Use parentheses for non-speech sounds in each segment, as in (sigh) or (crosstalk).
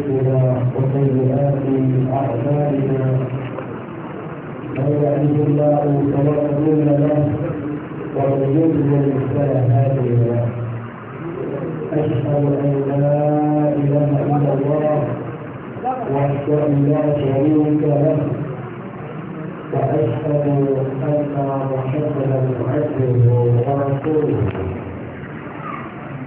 أنفسنا وسيئات أعمالنا من يهده الله فلا مضل له ومن يضلل فلا هادي له أشهد أن لا إله إلا الله وأشهد أن لا شريك له وأشهد أن محمدا عبده ورسوله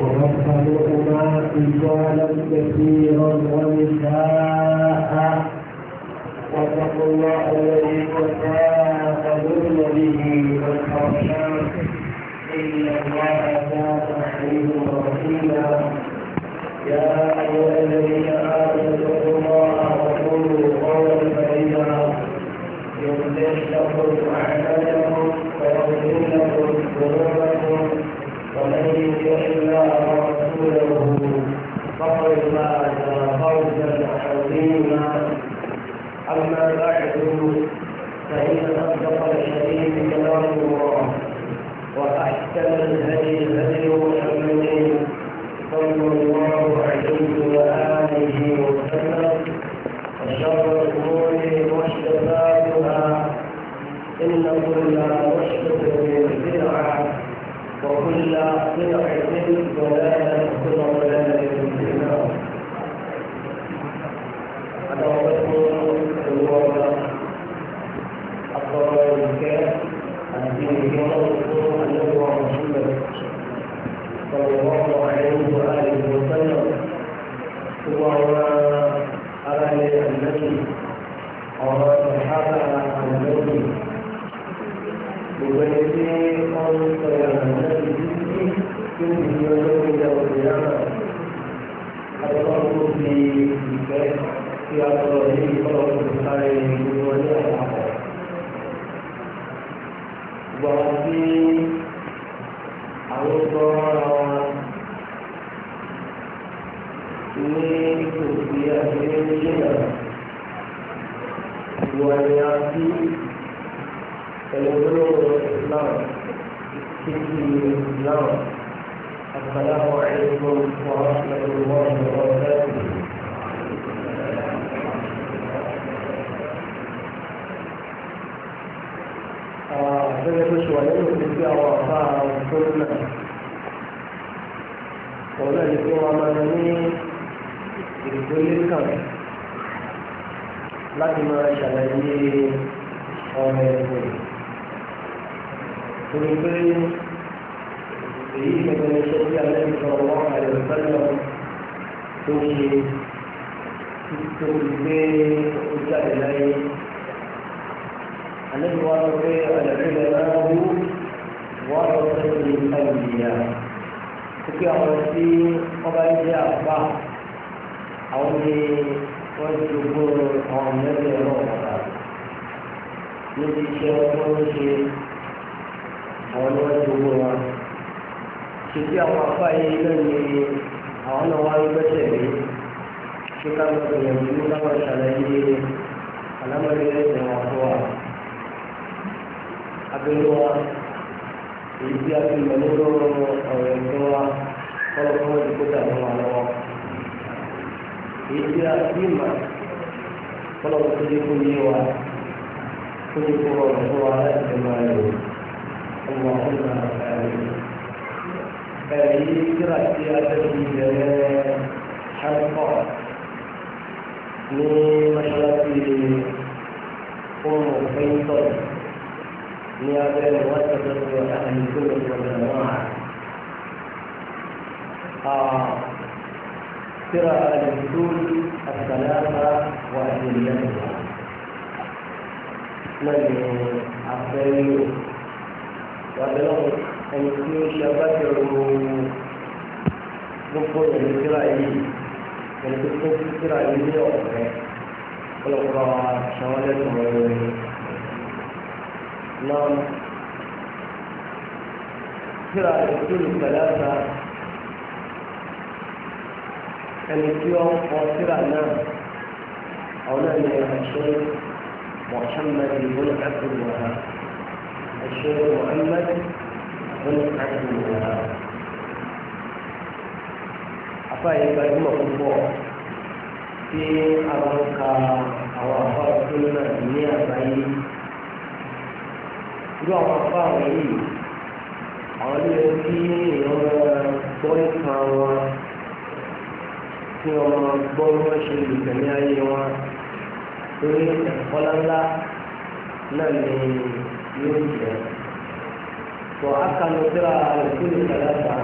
ومثلهما رجالا كثيرا ونساء واتقوا الله الذي تساءلون به والارحام ان الله كان حليما رحيما يا ايها الذين امنوا اتقوا الله وقولوا قولا سديدا يصلح لكم اعمالكم ويغفر لكم ذنوبكم ومن يطع الله ورسوله فقد فوزا عظيما اما بعد فان اصدق الحديث كلام الله واحسن الهدي هدي محمد صلى الله عليه واله وسلم وشر الامور محدثاتها ان كل محدثه وكل بدعة ضلالة وكل ضلالة في النار أنا أقول الله أفضل الكافر الذي يقول أنه محمد صلى الله عليه وآله وسلم ثم أرى النبي أرى الصحابة النبي ìwé tí wọ́n ń sọ ẹ̀rọ náà ti ní kí ó di ọjọ́ ìjà òde náà. Àtọ́kọ́ tó fi ìfẹ́ tí a sọ ní ìfọ́lọ́ pẹ̀lú islam títí islam السلام عليكم ورحمة الله وبركاته gẹ́gẹ́ tó ṣe wà nínú ìdíjú àwọn àbá àwọn tó ń nà òun náà ni pé wọ́n máa ń ní ìgbélé kan láti máa ṣàlàyé ọ̀rọ̀ ẹ̀gbọ́n. ونبين به من يشتري النبي صلى الله عليه وسلم في تكلمين وجاء إليه الذي ورد العلماء ورثة الأنبياء Tukí àwọn tí wọ́n bá jẹ́ àpá àwọn ni wọ́n ti gbogbo àwọn mẹ́rin ọ̀rọ̀ ọ̀gá. Níbi iṣẹ́ wọn tó ń ṣe àwọn ni wọ́n ti wú wọn ṣe bí àwọn afá yìí náà ni àwọn náà wáyé gbẹ́sẹ̀ rí ṣé ká lọ bẹ̀rẹ̀ ní káwọn ṣàlàyé alámọ̀lẹ́ ẹ̀sìn wọn fún wa abẹ́lé wa èyí tí a ti mọ̀ ní lọ́wọ́ ọ̀rọ̀ ẹ̀sìn wa kọ́lọ́ fún ọdún kó dàbí wọn lọ́wọ́ èyí tí a ti mọ̀ kọ́lọ́ fún ọdún kó yé wa kó yẹ kó rọrùn fún wa láti fi máa lò ó. اللهم آمين فهي قراءة أدب حلقة من مشرق أم فيصل من أبناء مؤسسة أهل السنة والجماعة قراءة الأصول الثلاثة وأدلتها من أفضل wàbẹ̀ náà ẹni tí ó ṣe agbátẹrù gbogbo ẹni tíra yìí ẹni tó tó tíra yìí ní ọ̀fẹ́ ọlọ́pàá ṣàwọn lẹ́sùn ọ̀rọ̀ rẹ̀ náà tíra ìṣòro pẹ̀lẹ́ta ẹni tí ó ń kọ tíra náà àwọn náà ní ẹ̀ṣọ́ mọ̀ṣánmẹ́rin ló ń kẹ́kọ̀ọ́ wọn. الشيخ محمد بن عبد الله afáyé gbajúmọ̀ púpọ̀ tí a máa ń ka àwọn afá òṣèlú náà ní àgbáyé irú àwọn afá àwọn yìí àwọn ilé tí èèyàn máa gbọ́ ìka wọn tí wọ́n máa gbọ́ bí wọ́n ṣe lè tẹ̀lé ayé wọn torí ẹ̀kọ́ ńláńlá náà ní yóò jẹ́ tó a kan síra ìkúlù kàlàfà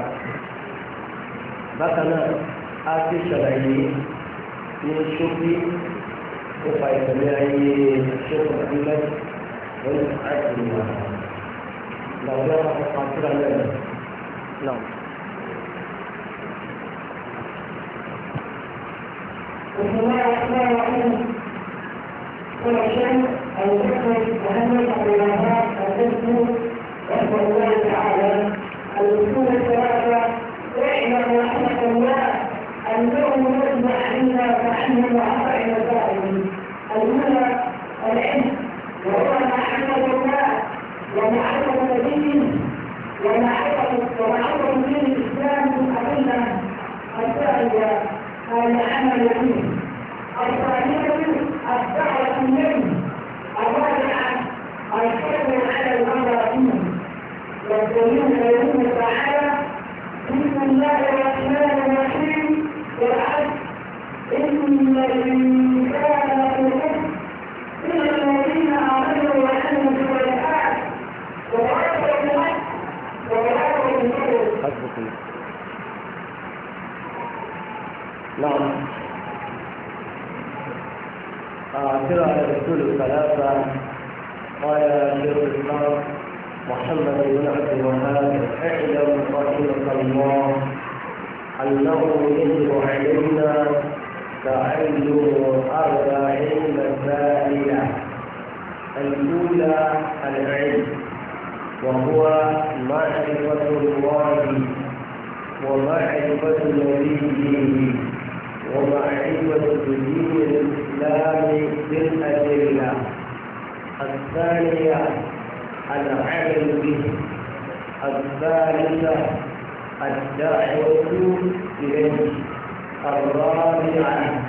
bákan náà a ti ṣàlàyé ní ṣókí nípa ìtẹ̀lé ayé ṣókò ahmed wọ́n ti àìsàn ìwà làwọn ọkọ̀ síra náà náà. بسم الله كل شيء أن يكون مهمة العلماء الاسم الله تعالى الوصول يجمع عنا فعلم وعقائد الدائم الأولى العلم وهو معرفة الله ومعرفة دينه ومعرفة ومعرفة دين الإسلام الأدلة الثانية العمل به الثانية الدعوة منه الواقعة الحكم على الأمر منه والدليل تعالى بسم الله الرحمن الرحيم والعبد إن الإنسان لفي إلا الذين آمنوا وعملوا الصالحات وتعاطوا الحق وتعاطوا البر نعم ترى على رسول الثلاثة قال شيخ الإسلام محمد بن عبد الوهاب اعلم رحمك الله أنه يجب علينا تعلم أربع مسائل الأولى العلم وهو معرفة الله ومعرفة نبيه ومع الدين الإسلام بالأدلة الثانية العمل به الثالثة الدعوة إليه الرابعة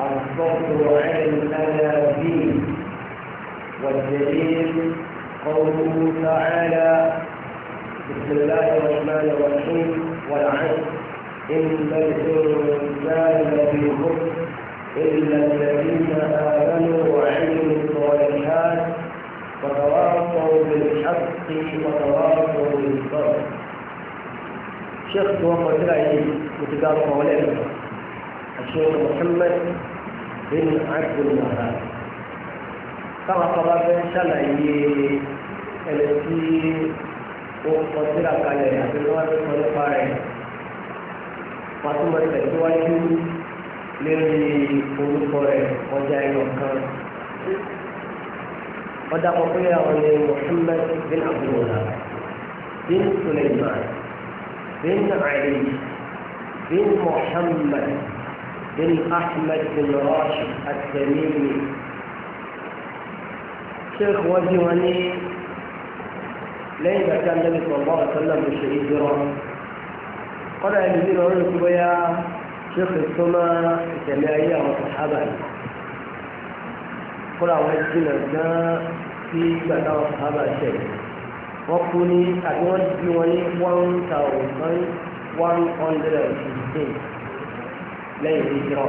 الصبر على الأنابيب والدليل قوله تعالى بسم الله الرحمن الرحيم والعصر إن الإنسان في خسر إلا الذين آمنوا وعملوا الصالحات وتواصوا بالحق وتواصوا بالصبر شيخ توفى تلاقي متقارب مولانا الشيخ محمد بن عبد الوهاب طبعا طبعا ان شاء الله التي وقت تلاقي عليها في الوقت wọ́n tún mọ̀ tẹ̀síwájú lórí orúkọ rẹ̀ ọjà ẹ̀yọ̀ kan. wọ́n dákọ̀ pé àwọn ni Muhammad bin Abdullah bin Suleiman bin Ali bin Muhammad bin Ahmed bin Rashid at-Tamimi. شيخ وجهني لين كان النبي صلى الله عليه وسلم الشهيد رحمه kọ́dà ẹni nínú ọ̀rọ̀ tó bóyá ṣé kò tó máa ìtẹ̀lé ayé àwọn sàhábà yìí kọ́dà àwọn jìnnà gan sí ìgbà táwọn sàhábà ṣẹ̀ wọ́n kú ní àbí wọ́n bí wọn ní one thousand one hundred and fifteen lẹ́yìn ìjọ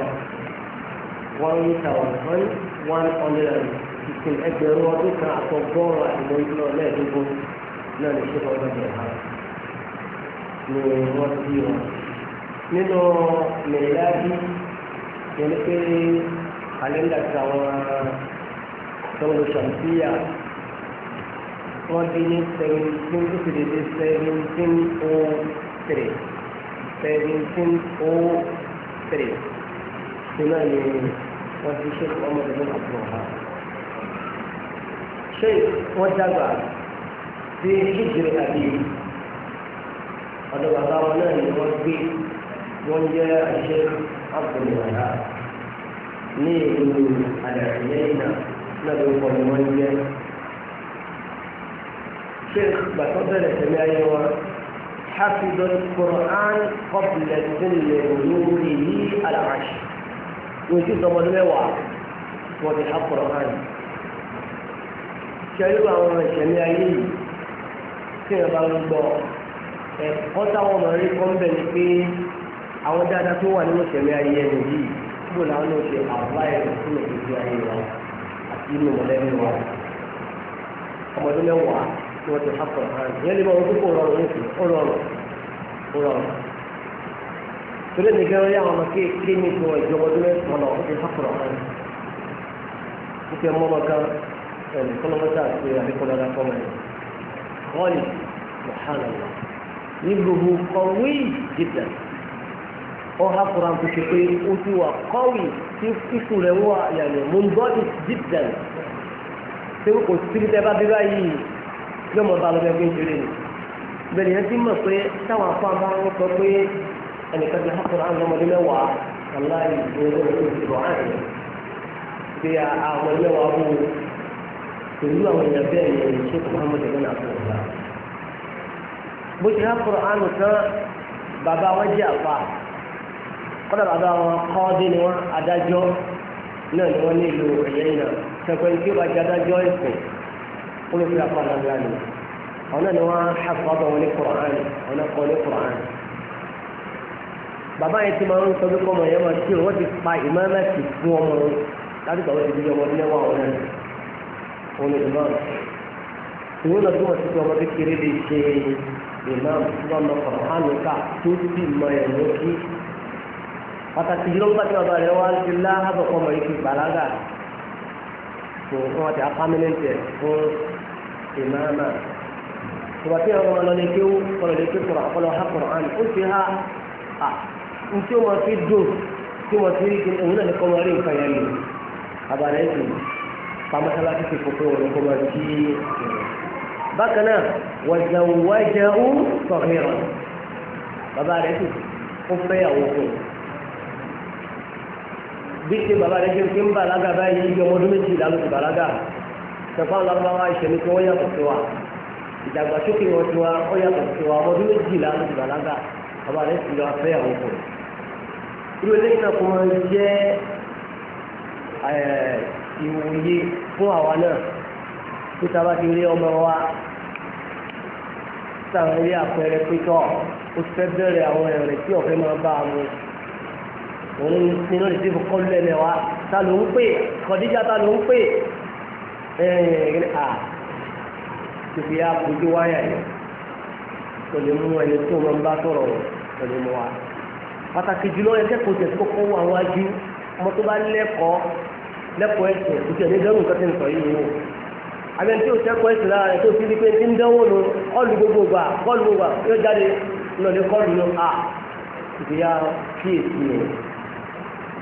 one thousand one hundred and fifteen ẹgbẹ̀rún ọdún kan àtọgọ́rùn-ún àti mọ́júlọ́ lẹ́ẹ̀dógún náà ní ṣé kọ́ ọdún yẹn ni wọ́n bí wọn. nínú mẹ̀láàbí yẹn pé kàlẹ́ndà ti àwọn tọ́wọ́ ṣàǹtíyà wọ́n bí ní seventeen tó fi dédé seventeen o oh three seventeen o oh three sínú ẹ̀yẹ wọ́n ti ṣe ọmọdé ní àbúrò ha. ṣé wọ́n dàgbà sí ìjìnlẹ̀ àbí ọ̀dọ̀ bàbá wọn náà ni wọ́n gbé wọ́n jẹ́ àṣẹ àpòlùwàlà ní ìlú àdàrẹ̀yẹ́yìnà náà ló kọ́ ni wọ́n jẹ́. شيخ بكبر سمايوا حفظ القرآن قبل سن بلوغه العشر وجود مدلوع وبحق القرآن شيخ àwọn ìṣẹ̀lẹ̀ ayé yìí tí ẹ bá ń gbọ́ ẹ̀kọ́ táwọn ọmọ rẹ kọ́ ń bẹ̀ ni pé àwọn dáadáa tó wà nínú ìṣẹ̀lẹ̀ ayé ẹni yìí kúrò láwọn náà ṣe àbá ẹ̀rọ sínú ìgbésí ayé wa àti inú mọ̀lẹ́bí wa ọmọdún mẹ́wàá tí wọ́n ti hapọ̀ hàn ìyẹn lè máa wọ́n kókó rọrùn nísìn ó rọrùn ó rọrùn torí mi gẹ́rọ yá àwọn ọmọ kéèké ní ìfún ọjọ́ ọmọdún mẹ́sàn-án lọ ti hapọ̀ hàn ó ti nílùú kọ̀wé jìtẹ̀ ọha kura kò ṣe pé ó ti wà kọ́wé tí ikú rẹ̀ wà yàrá mú bọ́dì jìtẹ̀ ṣé kò síbi tẹ́ bá bí báyìí yóò mọ̀ bá lọ́bẹ̀ gbé ìṣeré ni bẹ̀rẹ̀ yẹn ti mọ̀ pé táwọn afọ àbá wọn sọ pé ẹnìkan ti ha kura àwọn ọmọdé mẹ́wàá aláì ìṣòro ìṣòro àná pé àwọn ọmọdé mẹ́wàá wò pẹ̀lú àwọn èèyàn bẹ́ẹ̀ yẹn bó ti há kùránù tán bàbá wọn jẹ́ àfa kọ́dà bàbá wọn kọ́ọ́dé ni wọ́n adájọ́ náà ni wọ́n nílò ẹ̀yẹ́ náà sẹ́kọ̀ọ́ tí ó bá jẹ́ adájọ́ ẹ̀sìn ó ló fi àfa náà gbà ní. àwọn náà ni wọ́n hàfàbọ̀ wọn ní kùránù wọn náà kọ́ ní kùránù. bàbá yẹn ti máa ń sọ pé kọ́mọ yẹn máa tí wọ́n ti pa ìmọ̀lẹ́sì fún ọmọ wọn láti gbà wọ́n ti di ọmọ ilé wa wọn imam sọ́mọ kọ̀ọ̀hánù ká tó sì mọ ẹ̀mí kí. pàtàkì yìí ló ń pàṣẹ ọ̀dọ́ rẹ̀ wá sí láhàbọ̀ kọ́ mọ̀ ikú ìgbàlágà tó wọ́n ti apámẹ́lẹ́ntì ẹ̀ fún ìmáàmà. tòbá tí àwọn ọmọ lọ́lẹ́ kéwú kọlọ̀ lè ké kọ̀rọ̀ àkọlọ̀ ha kọ̀rọ̀ àná ó ti ha à ntí wọ́n fi dùn tí wọ́n fi rí kí òun náà ní kọ́ rí nǹkan yẹn lò àbàlẹ́ ìtù pàmọ́sálásí ti fò bákan náà wàzàwájà ó sọ̀rọ̀ bàbá rẹ̀ sì ó fẹ́ àwọn òkú bí ṣe bàbá rẹ̀ ṣe fi ń bàlágà báyìí ibi ọmọ ọdún méjìlá ló ti bàlágà ṣẹ̀fọ́ àwọn ìṣẹ̀lẹ̀ tí wọ́n yàtọ̀ sí wa ìdàgbàsókè wọn ti wa ó yàtọ̀ sí wa ọmọ ọdún méjìlá ló ti bàlágà bàbá rẹ̀ sì lọ fẹ́ àwọn òkú irú eléyìí náà kò máa ń jẹ́ ìwòye fún àwa náà tó ta ti rí ọmọ wa sàrán ilé àpẹẹrẹ pítọ́ ó fẹ́ bẹ̀rẹ̀ àwọn ẹ̀rọ rẹ̀ tí ọ̀fẹ́ máa bá àwọn òun nínú rẹ̀ sí kọ́ lẹ́lẹ̀ wa ta ló ń pè kọ̀díjà ta ló ń pè ẹ̀ẹ́n à tòbí a kojú wáyà yẹn tó lè mú ẹni tó máa ń bá sọ̀rọ̀ tó lè mú wa pàtàkì jùlọ ẹ kẹ́kọ̀ọ́ tẹ̀ kọ́kọ́ wà wájú ọmọ tó bá lẹ́kọ̀ọ́ lẹ́kọ̀ọ́ ẹ̀sìn kò tẹ̀ ní dẹ́rù nǹkan tẹ̀ ń sọ yìí wò àbẹ̀ntí o tẹ́kọ̀ọ́ ìsìn lára rẹ̀ tó fi di pé ti ń dánwò nù ọ̀lù gbogbo gbà kọ́ọ̀lù gbogbo gbà yóò jáde lọ́lẹ̀ kọ́ọ̀lù nù à ìgbéyà kíyèsí o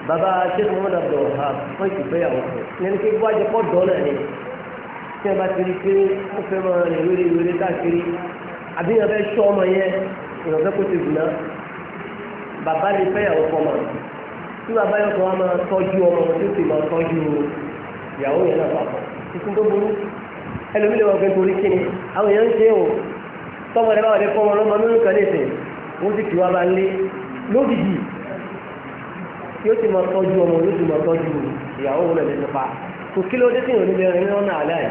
bàbá sẹ́kù mọ́mọ́dà bọ̀ ha wọ́n ti gbé yàwó fún un ẹni pé bó ajẹ́ pọ́ dọ́ náà ni tí wọ́n bá ti rí pé ó fẹ́ máa rìn wéré wéré káàkiri àbí yẹn fẹ́ sọ ọmọ yẹn ìrọ̀ fẹ́ kó ti dùn náà bàbá lè fẹ́ yàwó fọ́ ma tí bàbá yẹn kọ́ wa máa tọ́jú ọmọ ẹlòmílẹ̀ wọn fẹ́ torí kíni àwọn èèyàn ń ṣe o tọ́mọ rẹ báwọn lè fọ́ wọn lọ́mọ lórí kan lẹ́sẹ̀ wọ́n sì kí wá bá ń lé lódìdí yóò ti máa tọ́jú ọmọ yóò ti máa tọ́jú ìyàwó wọn lẹ́nu nípa kò kí ló dé tí ìròyìn bẹ̀rẹ̀ ní ọ̀nà àlẹ́ àyè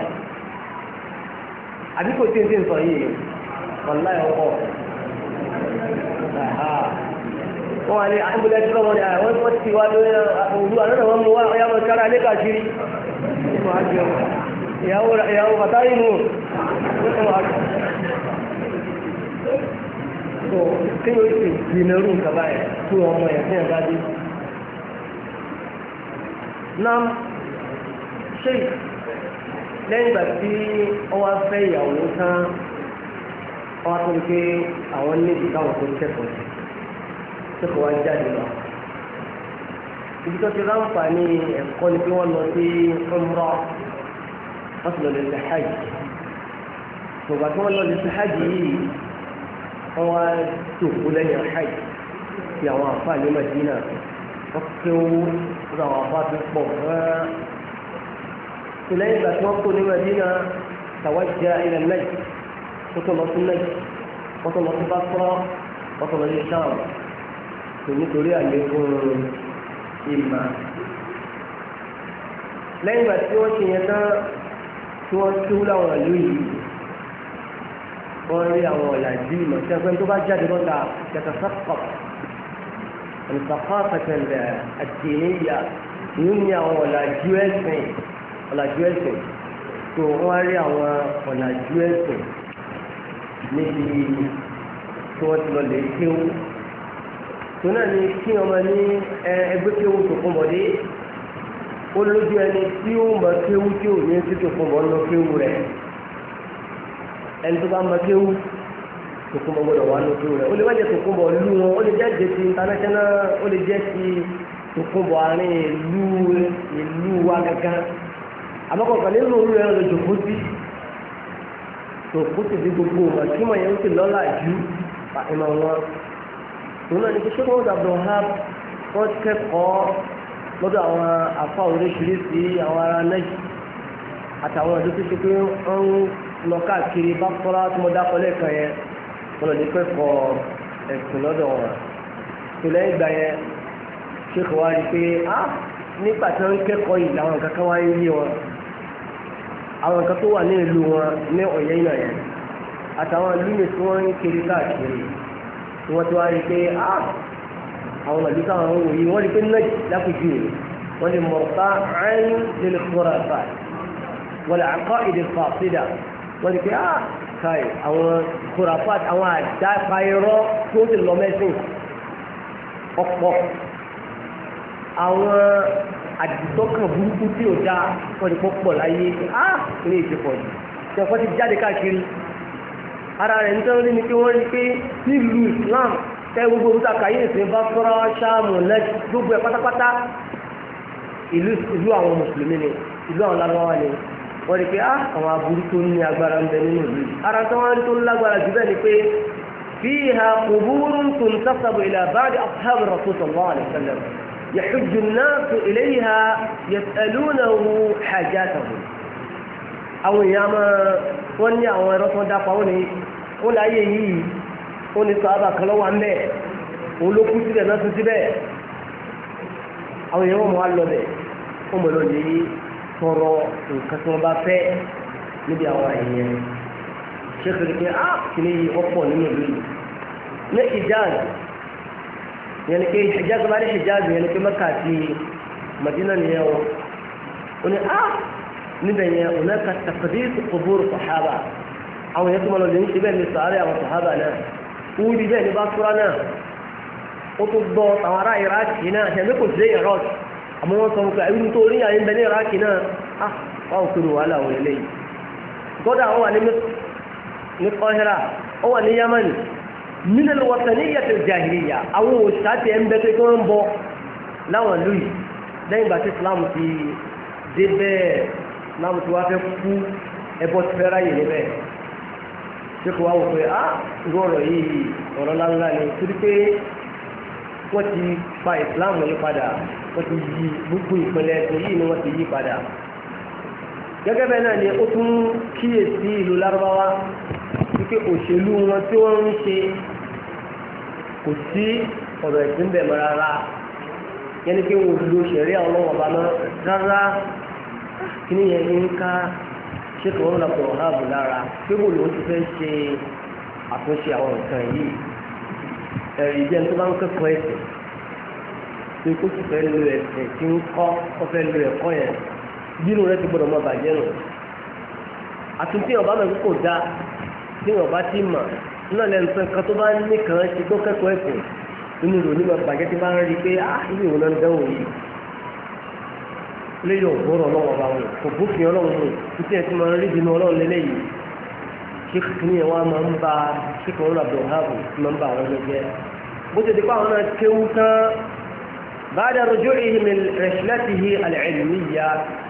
àbí kò tí ń tí ń sọ yìí ọ̀la ọkọ̀ wọ́n wà ní àbúlé tí wọ́n ní àwọn ah, tí wọ́n ti wá lórí ah, olú àlọ́ náà wọ́n mú wá ọ̀yá mọ̀ sára lé kàkiri ìyàwó bàtàrí mú so kí ló sì gbìnàrú nǹkan báyìí fún ọmọ ẹ̀ fún ẹ̀dá dé náà ṣe lẹ́yìn ìgbà tí ọwọ́ fẹ́ ìyàwó tán ọwọ́ tó ń pé àwọn níbi káwọn tó ń kẹ́kọ̀ọ́ sí tó kọ́ wá jáde lọ ibi tó ti ráǹfà ní ẹ̀kọ́ ni pé wọ́n lọ sí ọmọ wọ́n ti lọ lè ṣe hajj gbogbo àti wọ́n lọ lè ṣe hajj yìí wọ́n wá tòkó lẹ́yìn hajj ti àwọn àfáà ní Madina wọ́n kéwú wọ́n àwọn àfáà tó pọ̀ gan-an lẹ́yìn ìgbà tí wọ́n kó ní Madina tàwájà ilẹ̀ náà wọ́n tó lọ sí náà wọ́n tó lọ sí Basra wọ́n tó lọ sí Sham tó nítorí àlékún ìmà lẹ́yìn ìgbà tí wọ́n ti yẹn tán tí wọ́n tó láwọn ìlú yìí wọ́n rí àwọn ọ̀làjú ìmọ̀ tí ẹgbẹ́ tó bá jáde lọ́ta yàtọ̀ sọ́kọ̀ ìfàkọ́fẹ̀tẹ̀lẹ̀ àti ìníyà ìlú ní àwọn ọ̀làjú ẹ̀sìn ọ̀làjú ẹ̀sìn tó wọ́n rí àwọn ọ̀làjú ẹ̀sìn níbi tí wọ́n ti lọ lè kéwú tó náà ní kí ọmọ ní ẹgbẹ́ kéwú tó fún ọmọdé ó lójú ẹni tí ó mọ kéwú tí ò ní ewu fún bọ́ lọ kéwú rẹ̀ ẹni tó bá mọ kéwú tòkúnbọ̀ gbọ́dọ̀ wà lọ kéwú rẹ̀ ó lè wájẹ tòkúnbọ̀ lú wọn ó lè jẹ́ jẹ́sí international ó lè jẹ́ sí tòkúnbọ̀ àárín ìlú ìlú wa kankan àmọ́kọ̀ọ̀kan nínú òru rẹ̀ lọ jòkó sí tòkó sì di gbogbo ọmọ tí mo yẹn ń ti lọ́la pàtẹ́mọ̀ wọn náà ní kí ha wọ́n lọ́dọ̀ àwọn afá oríṣiríṣi àwọn ará nẹ́ẹ̀sì àtàwọn ọ̀dọ́ tó ṣe pé wọ́n ń lọ káàkiri bá kọ́lá tí mo dákọ́ lẹ́ẹ̀kan yẹn wọ́n lọ lè kẹ́kọ̀ọ́ ẹ̀sìn lọ́dọ̀ wọn. tó lẹ́yìn ìgbà yẹn ṣe kò wá rí i pé á ah, nígbà tí wọ́n ń kẹ́kọ̀ọ́ yìí làwọn nǹkan kan wá ń yé wọn àwọn nǹkan tó wà ní ìlú wọn ní ọ̀yẹ́ ìnà yẹn àtàwọn ìlú mi tí wọ́n ń kiri káàkiri wọ́n ti wá rí i pé á ah, àwọn màjú táwọn ń wòye wọ́n rí pé nẹ́ẹ̀jì lápòjú rẹ̀ wọ́n ní mọ̀ọ́ká àárín lè kóra bá wọ́n lè àkọ́ èdè fàṣídà wọ́n rí pé á ah, káì àwọn kóra bá àwọn àdá pàìrọ́ tó ti lọ mẹ́sìn ọ̀pọ̀ àwọn àdìsọ́kàn burúkú tí ò dáa wọ́n rí pọ̀ láyé á ah, ilé ìṣèpọ̀ yìí ṣẹ̀kọ́ ti jáde káàkiri ara rẹ̀ ń tẹ́wọ́n ní pé wọ́n rí pé nílùú Islam tẹ́ gbogbo orúta kàyéèsí bá fọ́ra ṣáàmù lẹ́jì gbogbo ẹ̀ pátápátá ìlú ìlú àwọn mùsùlùmí ni ìlú àwọn lágbáwá ni wọ́n rí pé á ah, àwọn aburú tó ní agbára ń bẹ nínú ìlú ara tó wọ́n tó lágbára jù bẹ́ẹ̀ ni pé فيها قبور تنتسب إلى بعض أصحاب الرسول صلى الله عليه وسلم يحج الناس إليها يسألونه حاجاتهم أو ó ní sọ́ábà kan lọ́wọ́ ń bẹ̀ òun ló kú síbẹ̀ náà tún síbẹ̀ àwọn èèyàn wọn mọ̀ á lọ bẹ̀ wọ́n mọ̀ lọ lè tọrọ nǹkan tí wọ́n bá fẹ́ níbi àwọn èèyàn ṣé kìlì pé á ah, kìlì yìí ọ̀pọ̀ nínú ìlú yìí ní Hijaz yẹn ni pé Hijaz bá ní Hijaz yẹn ni pé Mẹ́kà àti Madina nìyẹn wọn ó ní á ah, níbẹ̀ yẹn òun náà ka takadí kubur sahaba àwọn yẹn tó mọ̀ lọ lè ń ṣe bẹ́ẹ̀ ní sàárẹ̀ àwọn sahaba náà. wúrí bẹ́ẹ̀ ní báṣúrá náà ó tó gbọ́ àwọn ará iraki náà ṣẹ̀mí kò sí iraq àmọ́ wọ́n sọ pé irú tó orí àyè ní iraki náà ah, á wà ó kúrò wàhálà wọ̀ lẹ́yìn gọ́dà ó wà ní kọ́hẹ́rà ó wà ní yamani nínú wọ́sẹ̀ ní ìyàtọ̀ jahiliya àwọn òṣìṣẹ́ àti ẹ̀ ń ń láwọn lẹ́yìn ìgbà tí islam ti dé bẹ́ẹ̀ islam ti wá fẹ́ kú ti níbẹ̀ tí kò wá wò pé á ah, irú ọ̀rọ̀ yìí ọ̀rọ̀ ńláńlá ni torí pé wọ́n ti pa ìsìláàmù yìí padà wọ́n ti yí gbogbo ìpínlẹ̀ ẹ̀sìn yìí ni wọ́n ti yí padà gẹ́gẹ́ bẹ́ẹ̀ náà ni ó tún kíyèsí ìlú lárúbáwá wípé òṣèlú wọn tí wọ́n ń ṣe kò sí ọ̀rọ̀ ẹ̀sìn bẹ̀ mọ́ rárá yẹn ni pé wọn ò lo ṣẹ̀rí àwọn ọlọ́wọ́ ọba náà rárá kí ni yẹn ń ká ṣé kò ń lọ́pọ̀ ọ̀háàbù lára pébò ló ti fẹ́ ṣe àtúnṣe àwọn nǹkan yìí ẹ̀rí jẹ́ tó bá ń kẹ́kọ̀ọ́ ẹ̀sìn pé kó sì fẹ́ lo ẹ̀sìn tí ń kọ́ kó fẹ́ lo ẹ̀kọ́ yẹn bínú rẹ ti gbọ́dọ̀ mọ bàjẹ́ nù àtúntí ọba mẹ́rin kò dáa tí wọn bá ti mọ̀ nínú ẹ̀lẹ́nu pé nǹkan tó bá nìkan ṣe tó kẹ́kọ̀ọ́ ẹ̀sìn nínú ìròyìn mọ̀ bàjẹ́ ti bá ń rí pé ah ilé ìwòran dánwò yìí léyìn ògbóràn ọlọ́wọ́ bá wọn kò bófin ọlọ́wọ́ wọn títí ẹ̀ tí mo rí bínú ọlọ́run lélẹ́yìí ṣéèkì kìíní ẹ̀ wá máa ń ba ṣéèkì ọlọ́run abdulhab máa ń ba àwọn ọmọ bó ti di pa àwọn náà tán بعد رجوعه من رحلته العلمية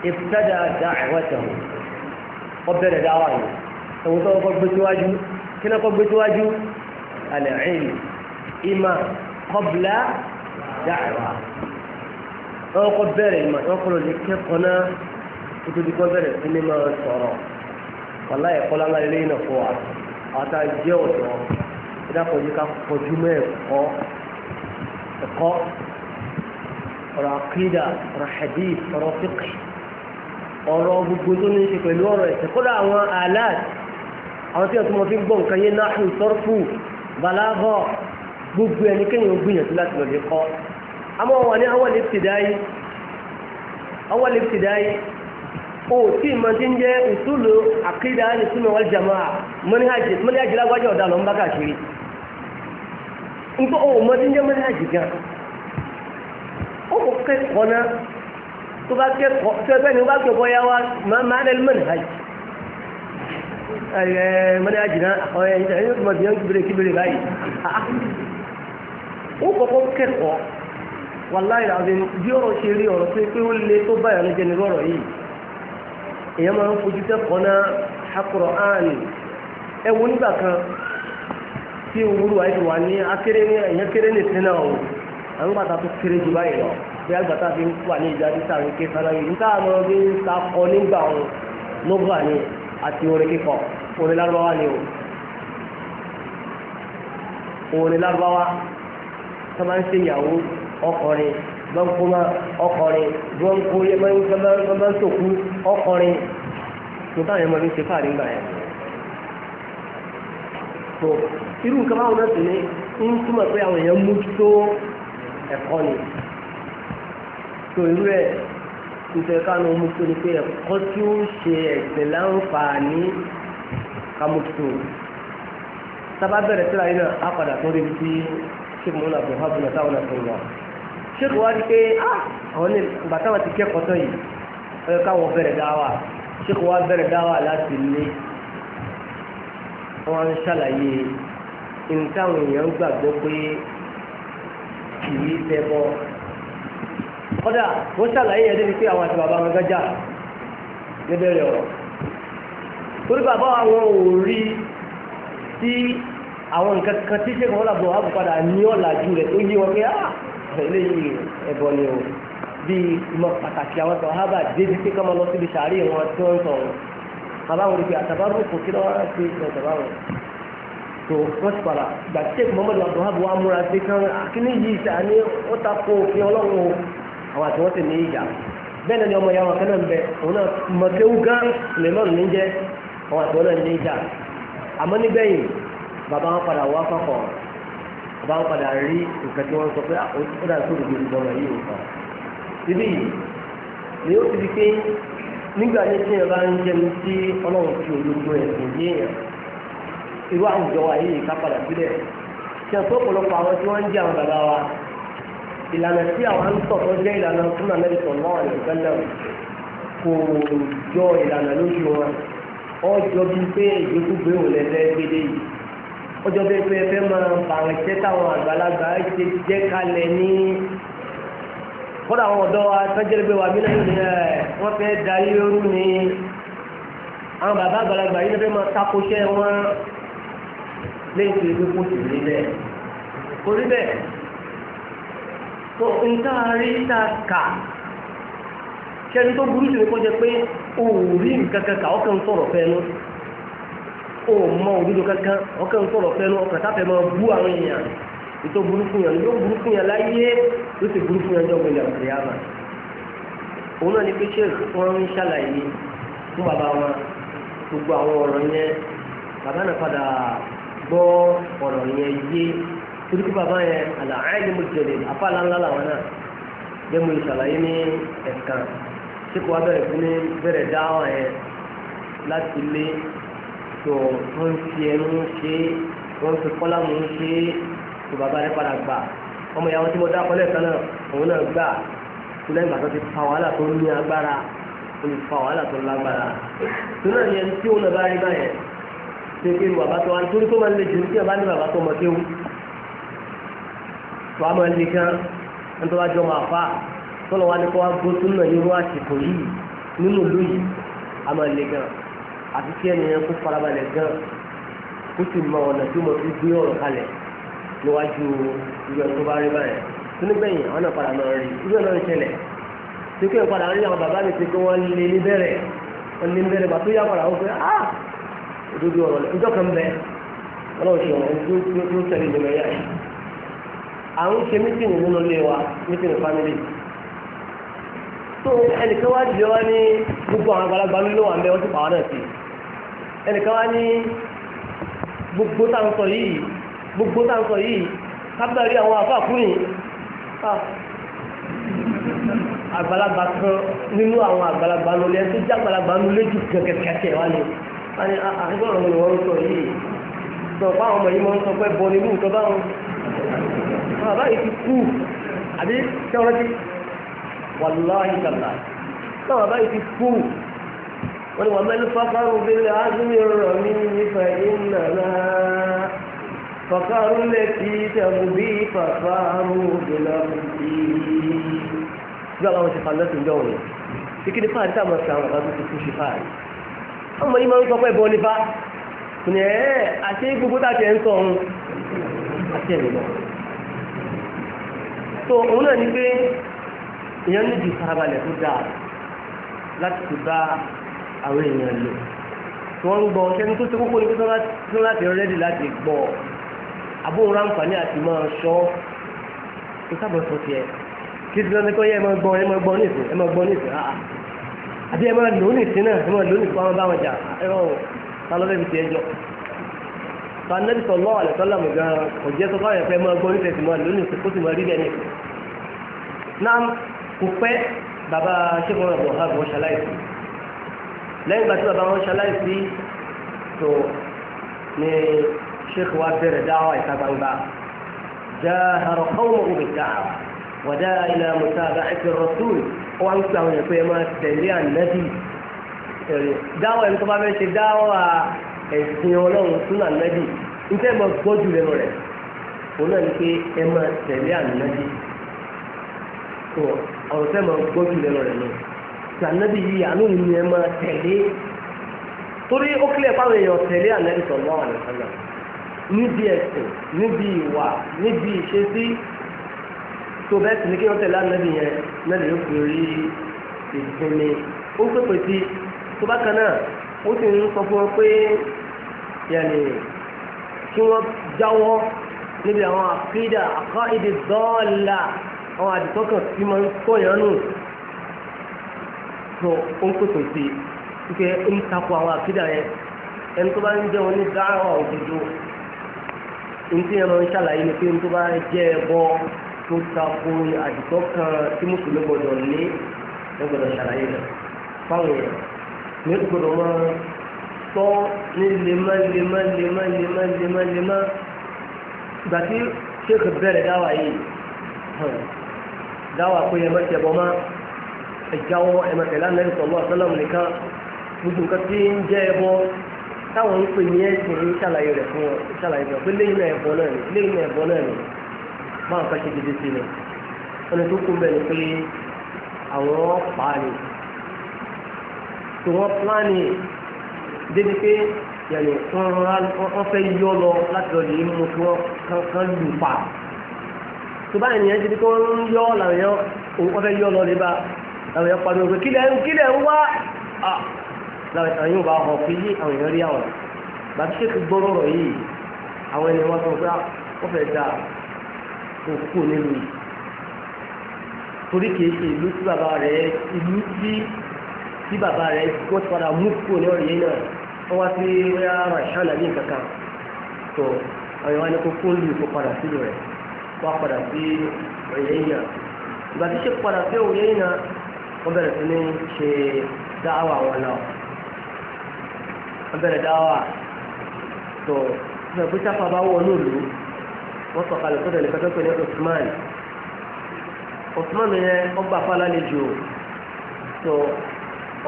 ابتدى دعوته قبل دعوته وطوى قبل تواجه كنا قبل تواجه العلم إما قبل دعوة àwọn kọ́ bẹ̀rẹ̀ ìmọ̀ àwọn kọ́ lọ́ọ́ kẹ́kọ̀ọ́ náà kótó ti kọ́ bẹ̀rẹ̀ sí ní máa sọ̀rọ̀ wàlá ẹ̀kọ́ lálá ilé yìí náà fọ wa àtà jẹ́ ọ̀dọ́ ìdákọ̀ yìí ká kọjú mọ́ ẹ̀kọ́ ẹ̀kọ́ ọ̀rọ̀ àkídà ọ̀rọ̀ hadith ọ̀rọ̀ fiqh ọ̀rọ̀ gbogbo tó ní ṣe pẹ̀lú ọ̀rọ̀ ẹ̀sẹ̀ kódà àwọn aláàt àwọn tí wọ́n tún mọ́ fi ń nǹkan yé náà sọ́rfù bàlágọ̀ gbogbo ẹnikẹ́ni ó gbìyànjú láti lọ́ọ́ àmọ́ wà ní awal ibtidai awal ibtidai o tí ma ti ń jẹ́ usulu aqida ní sunna wal jamaa manhaj lágbájá ọ̀dà lọ́nbá káàkiri nǹkan o ma ti ń jẹ́ manhaj gan ó kò kẹ́kọ̀ọ́ náà tó bá kẹ́kọ̀ọ́ tó ẹgbẹ́ ni ó bá kẹ́kọ̀ọ́ yá wa máa lẹ́nu manhaj mọ́ni àjìnà àwọn ẹ̀yìn tó ma ti yàn kíbèrè kíbèrè báyìí ó kọ́kọ́ kẹ́kọ̀ọ́ wàláyé àbẹ̀ni bí ọ̀rọ̀ ṣe rí ọ̀rọ̀ pé pé ó lé tó báyọ̀ lẹ́jẹ̀ ní ọ̀rọ̀ yìí èèyàn máa ń fojú kẹ́kọ̀ọ́ náà akọ̀rọ̀ áàlì ẹ nígbà kan tí òwúrò àìsàn wà ní akéré ní èèyàn kéré ní ìsinmi náà o àwọn gbàtà tó kéré jù báyìí lọ bí agbàtà fi ń wà ní ìjà títà ní kéfà náà yìí níta àwọn bí ń ta kọ nígbà wọn lọ́gbà ni àti orin kíkọ orin lárúbáwá ni o orin lárúbáwá tó máa ń ṣe ìyàwó ọkùnrin gbọ́nkúmọ́ ọkùnrin gbọ́nkúyé gbọ́nsòkú ọkùnrin tó táwọn ẹ̀mọ́ mi ṣe fáàrí gbà yẹn. tó irú nǹkan báwọn náà sì ní ń túmọ̀ pé àwọn èèyàn mójútó ẹ̀kọ́ ni tó irú ẹ̀ ìfẹ́ kánú mójútó ni pé ẹ̀kọ́ tí ó ń ṣe ẹ̀sìn láǹfààní ká mójútó sábà bẹ̀rẹ̀ síra yìí náà á padà tó rí bí tí ṣé mo ń lọ bọ̀ wá bọ̀ táwọn náà tó ń lọ ṣéèkù wá rí pé ah, àwọn ní bàtà wọn ti kẹ́kọ̀ọ́ tán yìí ọyọ káwọn bẹ̀rẹ̀ dáwà ṣéèkù wá bẹ̀rẹ̀ dáwà láti lé wọn ń ṣàlàyé nǹkan èèyàn gbàgbọ́ pé kì í tẹ bọ́ kọ́dà wọ́n ṣàlàyé yẹn débi pé àwọn àti bàbá wọn gájà níbẹ̀rẹ̀ ọ̀rọ̀ torí bàbá àwọn ò rí sí àwọn nǹkan kan tí ṣéèkù wọn làbọ̀ wá padà ní ọ̀làjú rẹ̀ tó yé wọn pé ah, eléyìí ẹ̀bọ ni o bí ìmọ̀ pàtàkì àwọn sàhábà débi pé kọ́mọ lọ síbi sàárè wọn tí wọ́n ń sọ̀rọ̀ bàbá wọn rìbí àtàbárò kò kí lọ́wọ́ ṣe ìṣẹ̀ àtàbárò tó wọ́n ti padà gbà tí èkó mọ́mọ́dé wa bọ̀hábù wa múra sí kan akíní yìí ṣe àní ó ta ko òfin ọlọ́run o àwọn àti wọ́n ti ní ìjà bẹ́ẹ̀ ni ọmọ ìyá wọn kan náà ń bẹ òun náà mọ̀tẹ́wù ọba ń padà rí nǹkan tí wọ́n sọ pé ah, ó dà sóòrò gbèsè bọ́ọ̀lù yìí ò kàn. síbí ni ó ti di pé nígbà yẹn tí yẹn bá ń jẹun sí ọlọ́run tí ológun ẹ̀sìn yé yẹn irú àwùjọ wa yìí ká padà sílẹ̀ ṣe pé ọ̀pọ̀lọpọ̀ àwọn tí wọ́n ń jẹ àwọn bàbá wa ìlànà tí àwọn ń tọ̀ tó jẹ́ ìlànà fún amẹ́ríkà náà kò jọ ìlànà lójú wọn ọjọ́ ọjọ́ bẹ́ẹ̀ pé ẹfẹ́ máa bàrẹ̀ iṣẹ́ táwọn àgbàlagbà ṣe jẹ́ kalẹ̀ ní kódà àwọn ọ̀dọ́ wa tọ́jẹ́ pé wà mí lẹ́yìn ẹ̀ wọ́n fẹ́ darí ooru ni àwọn bàbá àgbàlagbà yìí lọ́fẹ́ máa takoṣẹ́ wọn lẹ́yìn tó ebi kó sì rí bẹ́ẹ̀ kò bẹ́ẹ̀ tó nǹkan rí ta kà kẹ́ni tó burú jù ní kó pé òun rí nǹkan kan kà ọ́ kàn sọ̀rọ̀ fẹ́ lọ́sùn ó mọ òdodo kankan ọkàn ń sọ̀rọ̀ fẹ́nu ọkàn táfẹ́ máa bú àwọn èèyàn ètò burúkú yẹn yóò burúkú yẹn láyé yóò sì burúkú yẹn jọ gbẹlẹ ọ̀sẹ̀ yàrá òun náà ni pé ṣé wọ́n ń ṣàlàyé fún bàbá wọn gbogbo àwọn ọ̀rọ̀ yẹn bàbá náà padà gbọ́ ọ̀rọ̀ yẹn yé torí pé bàbá yẹn àlàáyé ni mo jẹ̀lẹ̀ afáàlà ńlá làwọn náà bẹ́ẹ̀ mo ṣàlàyé ní ẹ̀kan tí kò wá bẹ̀rẹ̀ fún ní bẹ̀rẹ̀ dáhùn yẹn láti lé tó wọ́n fi ẹnu ń ṣe wọ́n fi kọ́lámù ń ṣe tó bàbá rẹ̀ padà gbà ọmọ ìyàwó tí mo dá kọ́lẹ̀ kan náà òun náà gbà tó lẹ́yìn bàtọ́ ti fa wàhálà tó ní agbára ó lè fa wàhálà tó lágbára tó náà yẹn tí òun náà bá rí báyẹn ṣe pé bàbá tó wá nítorí tó máa ń le jù tí bàbá ní bàbá tó mọ kéwú tó a máa ń le kan nítorí wájú ọmọ àfa tó lọ wá ní kó wá gbó tó náà ní irú àsìkò yìí nínú ìlú yìí a máa ń le gan àti kí ẹnìyẹn kó farabalẹ̀ gan kó sì mọ ọ̀nà tí mo fi gbé ọ̀rọ̀ kalẹ̀ níwájú irú ẹni tó bá rí báyẹn tó nígbẹ̀yìn àwọn náà padà máa rí irú ẹ̀ náà ń ṣẹlẹ̀ tó kí ẹ̀ padà rí àwọn bàbá mi ti pé wọ́n lé níbẹ̀rẹ̀ wọ́n lé níbẹ̀rẹ̀ bàtó yá padà wọ́n fẹ́ ah òdodo ọ̀rọ̀ lẹ̀ ìjọ kan bẹ ọlọ́run ṣe wọ́n tó tẹ̀lé ìjọba ẹ̀yà yìí àwọn ṣe mítìnì nínú ilé wa mítìnì fámìlì tó ẹnìkan wá jẹ́ wá ní gbogbo àwọn àgbàlagbà ló wà ń bẹ wọ́n ti pàwọn náà sí i ẹnìkan wá ní gbogbo táǹsọ yìí gbogbo táǹsọ yìí kábẹ́rì àwọn àfàkùnrin ah. àgbàlagbà kan nínú àwọn àgbàlagbà lọlẹ́ tó jẹ́ àgbàlagbà ń léjù kẹ̀kẹ́kẹ́ wá ní wọ́n ah, ah, ní ni wọ́n ń sọ yìí sọ fún àwọn ọmọ yìí máa ń sọ pé bọ́ nínú nǹkan báwọn bàbá yìí ti kú àbí tẹ́wọ́n ti wà láàyè kàlà náà bàbá yìí ti kú wọ́n wọ́n mẹ́lú fọ́kàrù bí lè ádùnmí rọ̀ mí nípa iná náà fọ́kàrù lè fi tẹ̀wù bí fàfàrù bìlà bí. bí aláwọ̀ ti fàlẹ́ tó ń dọ̀wọ̀ yẹn kíkí ní fáàrí táwọn ọ̀sán àwọn àbábí ti kú sí wọ́n mọ̀ ní máa ń sọ pé ìbọn nípa kò ní ẹ́ àti gbogbo tá a ti ń sọ ọ̀hún àti ẹ̀ nìyẹn. tó òun náà ni pé ìyẹn ní ju farabalẹ̀ tó dáa láti ti bá àwọn èèyàn lò wọ́n ń gbọ́ ṣẹ́ni tó ṣe kókó ní pé tó láti rẹ́dì láti gbọ́ àbúrò ráǹfààní àti máa ṣọ́ tó sábà sọ tiẹ̀ kí ti lọ́nà kọ́ yẹ ẹ máa gbọ́ ẹ máa gbọ́ nìsín ẹ máa gbọ́ nìsín àá àbí ẹ máa lò nìsín náà ẹ máa lò nìsín wọn bá wọn jà ẹ máa ta lọ́lẹ́ fi tiẹ̀ jọ. sanabi sọlọ alẹsọlá mi gan kò jẹ́ sọ fáwọn ẹ̀fẹ́ máa gbọ́ nìsín lẹ́yìn ìgbà tí bàbá wọn ṣaláìsí tó ní sheikh wa bẹ̀rẹ̀ dáwà ìta gbangba jahara qawmuhu bid-da'wa wa da'a ila mutaba'ati ar-rasul wọn ń gbà wọn pé máa tẹ̀lé ànábì dáwà ẹni tó bá fẹ́ ṣe dáwà ẹ̀sìn ọlọ́run sún ànábì níta ẹ̀ máa gbọ́jú lẹ́nu rẹ̀ òun náà ní pé ẹ máa tẹ̀lé ànábì ọ̀rọ̀ tẹ́ máa gbọ́jú lẹ́nu rẹ̀ náà sànẹ́bí yìí àánú ni ẹ máa tẹ̀lé torí ó kílẹ̀ fáwọn èèyàn tẹ̀lé ànẹ́bí sallallahu alaihi wasallam níbi ẹ̀sìn níbi ìwà níbi ìṣesí tó bẹ́ẹ̀ sì ní kí wọ́n tẹ̀lé ànẹ́bí yẹn lẹ́nu yóò fi rí ìsinmi ó pèpè sí tó bá kan náà ó sì ń sọ fún wọn pé yẹnì kí wọ́n jáwọ́ níbi àwọn àkídà àkọ́ ìdè dọ́ọ̀là àwọn àdìsọ́kàn tí máa ń kọ́ yẹn nù tó ó ń pèpè sí i wípé ó ń takò àwọn àkídà yẹn ẹni tó bá ń jẹ́ oní dáhùn òdodo ní tí yẹn lọ ń ṣàlàyé ni pé ní tó bá jẹ́ ẹbọ tó takò àdìgbọ́ kan tí mùsùlùmí gbọdọ̀ ní wọ́n gbọdọ̀ ṣàlàyé rẹ̀ fáwọn èèyàn ní gbọdọ̀ máa tọ́ ní lemọ́lemọ́lemọ́lemọ́lemọ́ ìgbà tí ṣéèkì bẹ̀rẹ̀ dáwà yìí dáwà pé ẹ mọ́ ṣẹ̀bọ̀ máa ẹ̀jáwọ́ ẹ̀mọ̀tẹ̀lá Ànábì sallallahu alaihi wasallam nìkan gbogbo nǹkan tí ń jẹ́ ẹbọ táwọn ń pè ní ẹ̀sìn ń ṣàlàyé rẹ̀ fún ọ ṣàlàyé rẹ̀ pé lẹ́yìn náà ẹbọ náà ni lẹ́yìn náà ẹbọ náà ni máa ń kàṣe gidi sí ni ọ̀nà tó kún bẹ́ẹ̀ ni pé àwọn pa ni tí wọ́n pláàni débi pé yẹ̀lẹ̀ wọ́n fẹ́ yọ lọ láti lọ yìí mú kí wọ́n kankan lù pa tó báyìí nìyẹn ti di pé wọ́n yọ làwọn yẹn wọ́n fẹ́ yọ lọ lè bá àwọn èèyàn pariwo pé kílẹ̀ ń kílẹ̀ ń wá àwọn yóò bá họ pé yí àwọn èèyàn rí àwọn bàtí ṣéèkì gbọ́rọ̀ rọ̀ yìí àwọn ènìyàn wọn sọ pé wọ́n fẹ́ da òkú nílùú yìí torí kìí ṣe ìlú tí bàbá rẹ̀ ìlú tí tí bàbá rẹ̀ wọ́n ti padà mú kúrò ní ọ̀rẹ́ yìí náà wọ́n wá sí wíyá ràṣán àbí nǹkan kan tó àwọn èèyàn wọn ni kó kó lù kó padà sílùú rẹ̀ wọ́n padà sí ọ̀rẹ́ yìí náà ìgbà tí ṣe padà sí ọ̀rẹ́ yìí náà wọ́n bẹ̀rẹ̀ sí ní ṣe dáwà wọn lọ wọ́n bẹ̀rẹ̀ dáwà tó ṣe pé sáfà bá wọnú ìlú wọ́n sọ̀kalẹ̀ sọ́dọ̀ nìkan tó pè ní Usman Usman yẹn wọ́n gbà fálálejò tó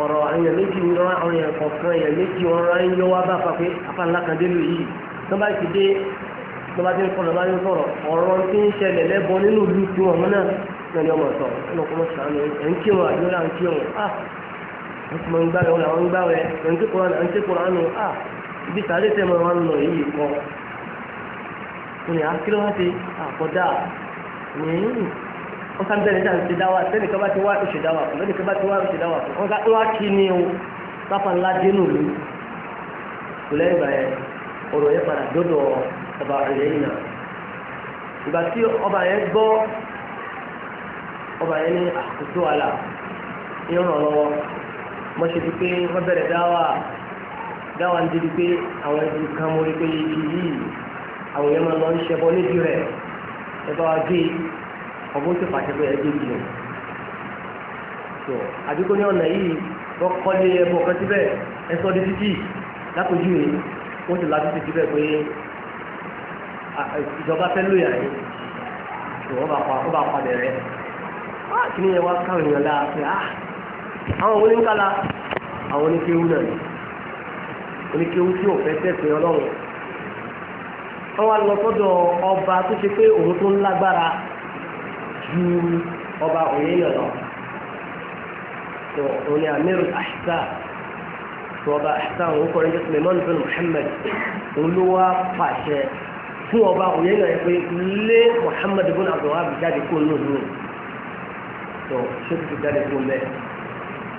ọ̀rọ̀ àyàn méjì ń rán àwọn èèyàn kọ̀ọ̀kan èèyàn méjì wọn rán ń yọ wá bá fa pé afáńlá kan délù yìí tó bá ti dé tó bá ti ń sọ̀rọ̀ bá ti ń sọ̀rọ̀ ọ̀rọ̀ tí ń ṣẹlẹ̀ lẹ́bọ nínú ìlú tiwọn náà náà ni ọmọ ọ̀tọ̀ ẹnu kọ́ mọ́ sàánú ẹ̀ ń kí wọn àjọ náà ń kí wọn a wọ́n ti mọ ń gbá rẹ̀ wọn làwọn ń gbá rẹ̀ ẹ̀ ń kí kọ́ ẹ̀ ń kí kọ́ àánú a ibi sàárè tẹ̀ mọ́ wọn lọ yìí kọ́ wọn ni akíló wá ti àkọ́dá wọ́n ká bẹ́ẹ̀ níta ṣe dáwà sẹ́nìkan bá ti wá ṣe dáwà fún lẹ́nìkan bá ti wá ṣe dáwà fún wọ́n ká wá kí ni o sáfà ńlá dénú lu kò lẹ́yìn yẹn ọ̀rọ̀ yẹn padà dọ́dọ̀ ọba rẹ̀ yìí náà ìgbà tí ọba yẹn gbọ́ ọba yẹn ní àkókò àlà ìrànlọ́ lọ́wọ́ mo ṣe ti pé wọ́n bẹ̀rẹ̀ dáwà dáwà ń didi pé àwọn ẹbí kan mo rí pé ibi yìí àwọn yẹn máa lọ ń ṣẹbọ níbi rẹ̀ ẹ bá wa gé ọgbọ́n tó pàṣẹ pé ẹgbẹ́ ìgbìmọ̀ tó àdúgbò ní ọ̀nà yìí wọ́n kọ́lé ẹbọ kan síbẹ̀ ẹ sọ di títì lápòjú yìí wọ́n ti láti ti síbẹ̀ pé ìjọba fẹ́ lóyà yìí tó wọ́n bá padà rẹ̀. Ah, kí ni ẹwà káwọn ènìyàn lára pé á ah, àwọn òun ní kálá àwọn oníkéwú náà ni oníkéwú tí òun fẹ́ tẹ̀sẹ̀ ọlọ́run wọ́n wá lọ sọ́dọ̀ ọba tó ṣe pé òun tó ń lágbára ju ọba òye yàn lọ òun ni amir ahsa tó ọba ahsa òun kọrin jẹ́ suleiman bin muhammed òun ló wá pàṣẹ fún ọba òye yàn pé lé muhammed bin abdulwahab jáde kó lónìí tó ṣéèkì ti jáde kó mbẹ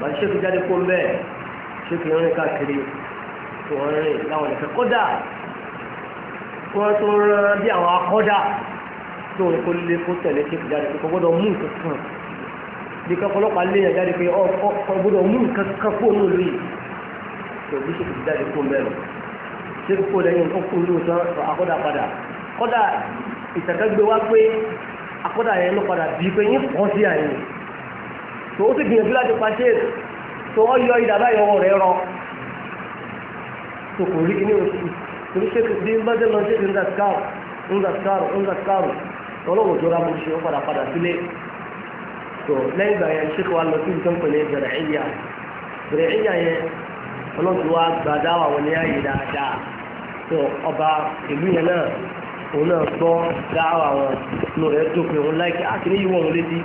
bàtí ṣéèkì jáde kó mbẹ ṣéèkì rìn káàkiri tó ń rìn láwọn ìfẹ́ kódà kó wọn tó ń rán bí àwọn akọ́dà tó ń kó lé kó tẹ̀lé ṣéèkì jáde kó gbọ́dọ̀ mú nǹkan kan bí kakọlọ́pàá léèyàn jáde pé ọ gbọ́dọ̀ mú nǹkan kan kó nù lóyè tó bí ṣéèkì ti jáde kó mbẹ lọ ṣéèkì kó lẹ́yìn ó kú lóòótọ́ akọ́dà padà kọ́dà ìtàkàgbé wá pé akọ́dà yẹn ló padà bí pé yín kọ́ sí àyè tó ó sì gbìyànjú láti pàṣẹ tó wọ́n yọ ìdàbá ìyọwọ́ rẹ̀ rọ tó kò rí kíní oṣù torí ṣe kò bí bá jẹ́ lọ ṣe ń dàskáàrù ń dàskáàrù ń dàskáàrù ọlọ́wọ́ tó ra mo ṣe ó padà padà sílé tó lẹ́yìn ìgbà yẹn ṣe kò wá lọ sí ìjọ pẹ̀lẹ́ bẹ̀rẹ̀ ìyá bẹ̀rẹ̀ ìyá yẹn ọlọ́dún wa gbàdá àwọn ní ààyè dáadáa tó ọba ìlú yẹn náà òun náà gbọ́ dáhùn àwọn lórí ẹ̀ dópin òun láìkí ah, àti ní ìwọ̀n òun létí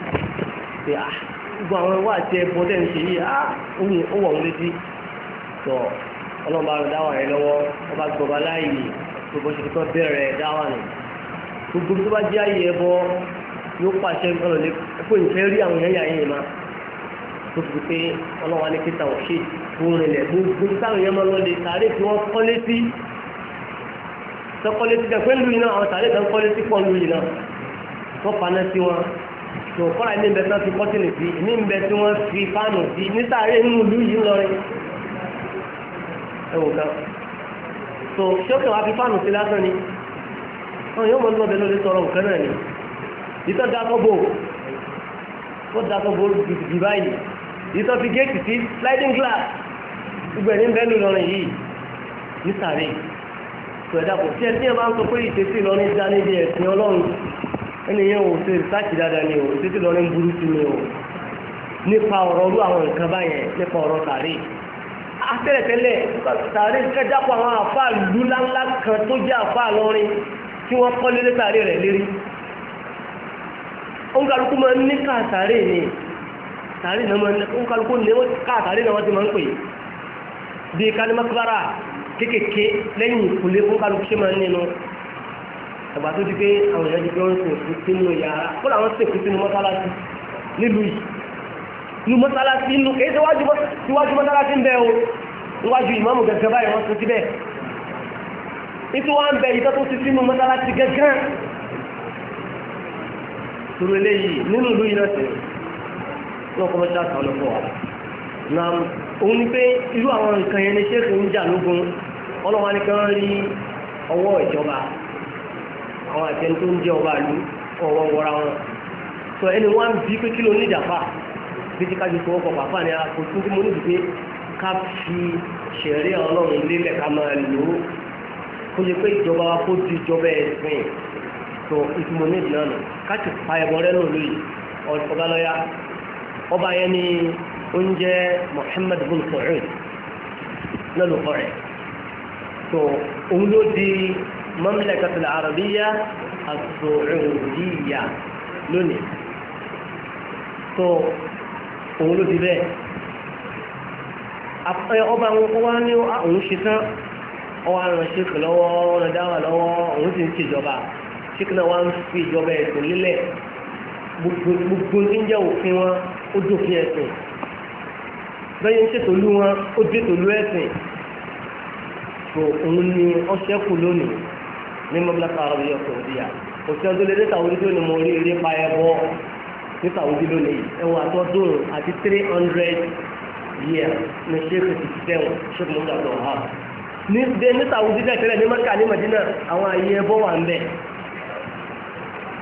pé ah gbogbo àwọn ẹwà àti ẹbọ tẹ̀ ń ṣe yìí á òun ò wọ̀ wọlé sí. tọ ọlọ́run bá rẹ dáwà rẹ lọ́wọ́ ọba gbọba láàyè gbogbo ṣe tó bẹ̀rẹ̀ dáwà rẹ gbogbo tó bá jẹ́ àyè ẹbọ yóò pàṣẹ ọ̀rọ̀ lé fún ìfẹ́ rí àwọn ẹ̀yà yìí ma tó fi pé ọlọ́wà ní kíta òṣì fún ilẹ̀ gbogbo táwọn èèyàn máa ń lọlé tààrí tí wọ́n kọ́ létí tó létí dẹ̀ pé ń lu àwọn tààrí tó kọ́ra ní ibẹ̀ tí wọ́n fi sí ní ibẹ̀ tí wọ́n fi fáànù sí nítàrí inú ìlú yìí lọrin ẹ̀wọ̀n kan tó ṣókè wá fi fáànù sí lásán ni wọn yóò mọ ní ọbẹ̀ lórí sọ̀rọ̀ nǹkan náà ni ìtọ́ dakọ̀ bò ó dakọ̀ bò jù báyìí ìtọ́ fi géètì sí sliding glass gbogbo ẹ̀ ní bẹ́ẹ̀ ló lọrin yìí nítàrí tó ẹ̀dá kò tí ẹ tí ẹ bá ń sọ pé ìtẹ́sí lọ ní dání ẹ̀sìn ọlọ́run ẹnìyẹn ò ṣe rìsáàkì dáadáa ni o títí lọ ní burú sí ni o nípa ọ̀rọ̀ ọdún àwọn nǹkan báyẹn nípa ọ̀rọ̀ tàrí àtẹ́lẹ̀tẹ́lẹ̀ tàrí kẹjápọ̀ àwọn àfáà lù láńlá kan tó jẹ́ àfáà lọ́rin tí wọ́n kọ́ lélé tàrí rẹ̀ lérí oúnkàlùkù máa ń ní káà tàrí ni tàrí náà máa ń ní oúnkàlùkù ní káà tàrí náà wọ́n ti máa ń pè bí kálímọ́kúbára kéékèèké lẹ́yìn ìkùlé oúnkàlùkù ṣe máa ń nínú ẹ̀gbà tó di pé àwọn èèyàn jíjọ ń sòkú sínú yàrá kó làwọn sèkú sínú mọ́sálásí nílùú yìí ní mọ́sálásí nù kèé síwájú mọ́sálásí ń bẹ́ o níwájú ìmáàmù gẹ́gẹ́ báyìí wọ́n tún síbẹ̀ nítorí wọ́n bẹ ìtọ́ tó ti sínú mọ́sálásí gẹ́gẹ́ tòrò eléyìí nínú ìlú yìí náà sì ní ọkọ̀ mọ́sá kan lọ́pọ̀ wa na òun ni pé irú àwọn nǹkan yẹn ni ṣé kò ń jà lógun ọlọ́wọ́ àwọn àtẹni tó ń jẹ ọba àlú ọwọ́ wọra wọn sọ ẹni wọn bí pé kí ló ní ìjàpá bí ti kájú fọwọ́ pàpà fáàní àkótó tí mo ní ìdíje ká fi ṣẹ̀rí ọlọ́run lélẹ̀ ká máa lò ó kó yẹ pé ìjọba wa kó di ìjọba ẹ̀sìn tó ìtumọ̀ ní ìdílé ọ̀nà ká ti pa ẹ̀bọ rẹ lò lóyè ọ̀gá lọ́yà ọba yẹn ni oúnjẹ Muhammad bin Saud lọ́lùkọ́ rẹ̀ tó òun ló di mamlakatul arabiya as-saudiya lónìí tó òun ló ti bẹ́ẹ̀ ọba àwọn wa ní òun ṣe tán ọwọ́ àrùn ṣéèkì lọ́wọ́ ọ̀nà dáwà lọ́wọ́ òun sì ń ṣèjọba ṣéèkì náà wá ń fi ìjọba ẹ̀sìn lílẹ̀ gbogbo tí ń jẹ́ òfin wọn ó dófin ẹ̀sìn bẹ́ẹ̀ ń ṣètòlú wọn ó dé tòlú ẹ̀sìn tó òun ni ọ̀ṣẹ́kù lónìí ní mọ́bílẹ́kà arábíyà sọ̀rọ̀díyà òsì ọdún lè dé sàwùdí tó ni mo rí eré pa ẹbọ ní sàwùdí lónìí ẹwà àtọ́dún àti three hundred years ní ṣéèkì ti sẹ́wọ̀n ṣéèkì mọ́bílẹ́kà àbúrò ha ní dé ní sàwùdí náà tẹ́lẹ̀ ní mẹ́kà ní mẹ́dínà àwọn ayé ẹbọ wà ń bẹ̀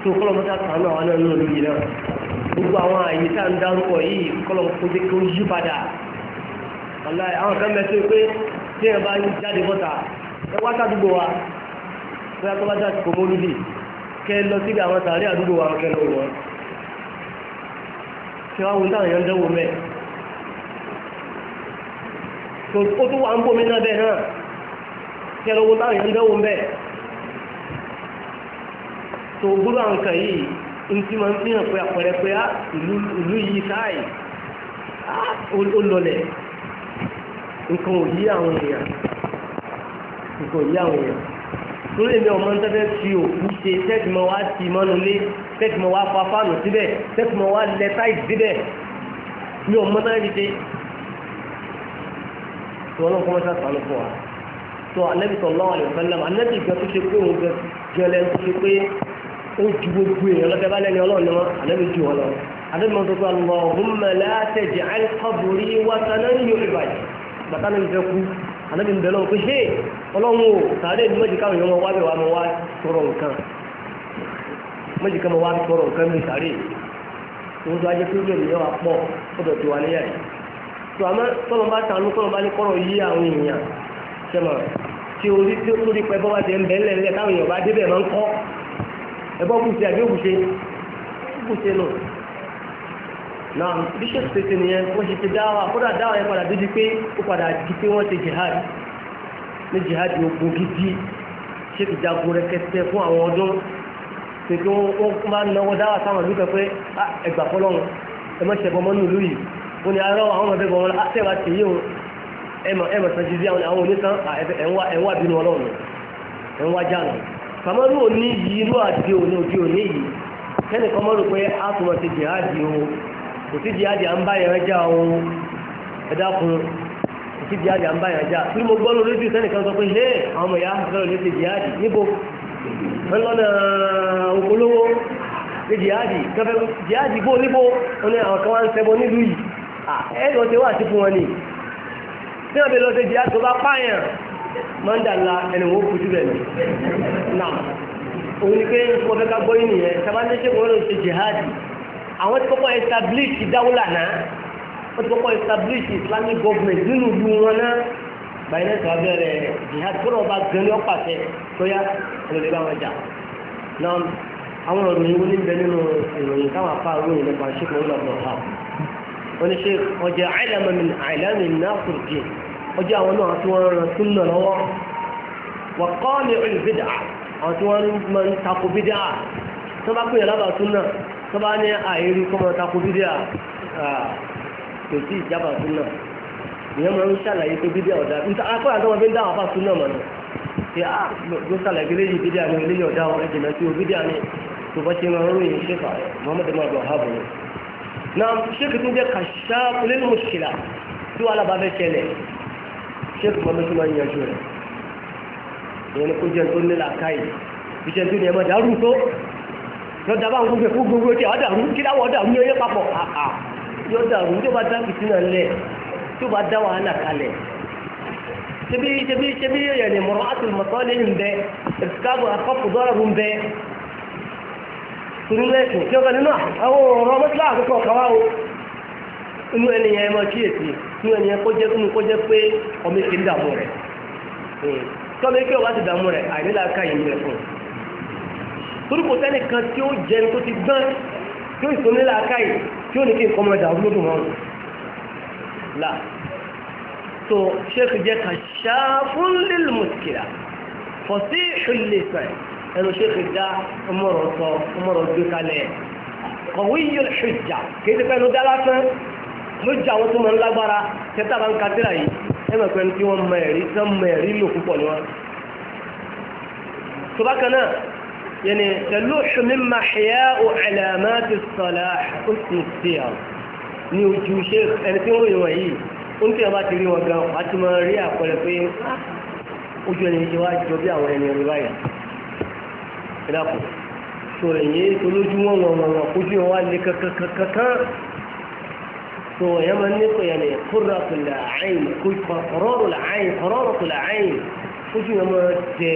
tó kọ́lọ́ mọ́tà sànú àwọn náà lónìí yìí náà gbogbo àwọn àyè tá à ń dárúkọ yìí kọ́lọ́ kójú kó yí padà àwọn kan bẹ tó pé tí ẹ bá jáde bọ́ta ẹ wá sádùúgbò wa bóyá tó bá dá àsìkò mólúdì kẹ lọ síbi àwọn sàárẹ̀ àdúgbò wa kẹ lọ wọn ṣe wá wo táwọn èèyàn dẹ́wò mẹ́ tó ó tún wà ń bòmí náà bẹ́ẹ̀ náà kẹ lọ wo táwọn èèyàn dẹ́wò mẹ́ tó gbúrú àwọn kan yìí ń tí máa ń fi hàn pé àpẹẹrẹ pé ah, ìlú yìí káàyè ah, ó lọlẹ̀ nǹkan ò yí àwọn èèyàn nǹkan ò yí àwọn èèyàn torí èmi ọmọ tẹ́tẹ́ fi òkú ṣe tẹ́tì mọ́ wá ti mọ́nu lé tẹ́tì mọ́ wá fa fáànù síbẹ̀ tẹ́tì mọ́ wá lẹ táì síbẹ̀ mi ò mọ tẹ́tẹ́ fi ṣe. tí wọn náà kọ́ mọ́tà sànù fún wa tó anabi sallallahu alaihi wasallam anabi ìgbà tó ṣe pé òun gbẹ gẹlẹ tó ṣe pé ó ju gbogbo èèyàn lọ́tẹ́ bá lẹ́ni ọlọ́run ni wọn anabi ju wọn lọ anabi mọ́tò pé Allahumma la taj'al qabri watanan yu'bad bàtà náà ń fẹ́ kú ànábì ń bẹ̀ lọ́wọ́ pé ṣé ọlọ́run o sàárè ní mọ́jì káwọn èèyàn wọn wá bẹ̀ wá mọ́ wá tọrọ nǹkan mọ́jì ká mọ́ wá tọrọ nǹkan mi sàárè òun tó ajé pé ìyẹn wà pọ̀ fọ́dọ̀ tó wà níyà yìí tó àmọ́ tọ́lọ́ bá tànú tọ́lọ́ bá ní kọ́rọ̀ yí àwọn èèyàn ṣe mọ̀ tí orí tí tó rí pẹ́ bọ́ ti ń bẹ́ ńlẹ̀ ńlẹ̀ táwọn èèyàn bá débẹ̀ máa ń kọ́ ẹ̀bọ́ kùsẹ̀ náà bishop tètè nìyẹn wọ́n ṣe ti dáwà kódà dáwà yẹn padà dídí pé ó padà di pé wọ́n ti jihad ní jihad ogun gidi ṣé ti jagun rẹkẹtẹ fún àwọn ọdún tètè wọ́n máa ń náwó dáwà sáwọn ìlú kan pé ẹgbà ah, fọlọ́run ẹ mọ̀ ṣẹ̀bọ̀ mọ́nú ìlú yìí wọ́n ni arọ́ àwọn ọmọdé ah, bọ̀ wọn àtẹ̀wà tèyí o ẹmọ ẹmọ san jíjí àwọn onítàn ah, ẹ̀wà bínú ọlọ́run ẹ̀wà jáàlù kàmọ́rù òní yìí inú àdìgbé òní òdí òní yìí kẹ́nìkan mọ́rù pé a tún mọ̀ ti o kò sí jihadi à ń bá yẹn já o ẹ dákun kò sí jihadi à ń bá yẹn já bí mo gbọ́ lórí rédíò sẹ́nìkan sọ pé hé àwọn ọmọ ìyá fẹ́ràn lè ṣe jihadi níbo ńlọ́nà ògbólówó ṣe jihadi kẹfẹ́ jihadi bó níbo wọn ni àwọn kan wá ń ṣẹbọ nílùú yìí ẹ lọ ṣe wá sí fún wọn ni tí wọn bẹ lọ ṣe jihadi tó bá pààyàn máa ń dà la ẹni wọn kú síbẹ̀ ni náà òun ni pé wọ́n fẹ́ ká gbọ́ yín nìyẹn sábà ní ṣe wọ́n lọ ṣe jihadi àwọn ti kọ́kọ́ establish dáwọ́là náà wọ́n ti kọ́kọ́ establish islamic government nínú ìlú wọn náà báyìí náà sọ̀rọ̀ bẹ̀rẹ̀ jihad kó lọ́ọ́ bá gan ní ọ̀pàṣẹ tó yá olè bá wọn jà náà àwọn ìròyìn wo ní bẹ nínú ìròyìn táwọn afá ròyìn nípa ṣíkò ń bọ̀ ha wọ́n ní ṣe ọjà àìlàmọ̀ àìlàmì náà ọjà àwọn náà tí wọ́n rán tún lọ lọ́wọ́ wọ́n kọ́ ní àwọn tí wọ́n máa ń takò bídà tó bá pè lábàá tún náà tó bá ní àìrí kọ́mọ takò bídíà kò sí ìjábà súnà ìyẹn máa ń ṣàlàyé pé bídíà ọ̀dà níta akọ́ àti wọn fi ń dá àwọn afá súnà mọ̀ náà ṣe á ló ṣàlàyé pé léyìí bídíà ni eléyìí ọ̀dà wọn ẹ̀jẹ̀ sí o bídíà ni tó bá ṣe máa ń ròyìn ṣèkà Muhammad madu ahabu ni. na ṣéèkì tún jẹ́ kàṣá lẹ́nu mùsùlùmí tí wàhálà bá fẹ́ ṣẹlẹ̀ ṣéèkì Muhammad tó máa ń yanjú rẹ̀ ìyẹn ni kó jẹ́ tó nílà káyì lọ́dà bá ń gbogbo ẹ̀kú gbogbo tí àwọn dàrú kí láwọ̀ dàrú ní ọyẹ́ papọ̀ àà yóò dàrú tó bá dá fìtínà lẹ̀ tó bá dá wàhálà kalẹ̀ ṣebí ṣebí ṣebí yẹn mọ̀rọ̀ àtùmọ̀tọ́ lé bẹ ẹ̀sìkáàbù àkọ́kù dọ́rọ̀ bẹ torí lẹ́sìn tí ó kàn nínú àwọn ọ̀rọ̀ mọ́tílá àkọ́kọ́ kàwá o inú ẹni máa kíyèsí inú ẹni kó jẹ́ inú kó jẹ́ pé ọmọ èké ń dààmú rẹ̀ tọ́mọ èké ti dààmú rẹ̀ àìníláàká yìí ń bẹ fún un torí kò sẹ́ni kan tí ó jẹun tó ti gbọ́n tí ó ìsọmílẹ̀ akáì tí ó ní kí nǹkan ọmọdé àwọn olódùn wọn là tó ṣéèkì jẹ́ kan ṣáfún lílùmùsìkìlà fọ̀sí ìṣúlẹ̀sẹ̀ ẹnu ṣéèkì dá ọmọrọ̀ sọ ọmọrọ̀ gbé kalẹ̀ kọ̀wé yóò ṣèjà kì í ti fẹ́nu dá lásán ló jẹ́ àwọn tó mọ̀ lágbára tẹ́tà bá ń يعني تلوح مما حياء علامات الصلاح حسن السير ni ojú ṣe ẹni tí ń ròyìn wọ̀nyí ó ń tẹ̀ bá ti rí wọn gan wá ti máa rí àpẹẹrẹ pé ojú ẹni ṣe wá jọ bí àwọn ẹni ọ̀rẹ́ báyìí ẹ dàpọ̀ tó ẹ̀yìn tó lójú wọn wọn wọn wọn kójú wọn wá lé kankankankan tó ẹ̀yẹ́ máa ní pé ẹni kóra tó là áyìn kó kọ̀rọ̀rọ̀ là áyìn kọ̀rọ̀rọ̀ tó là áyìn kójú wọn máa jẹ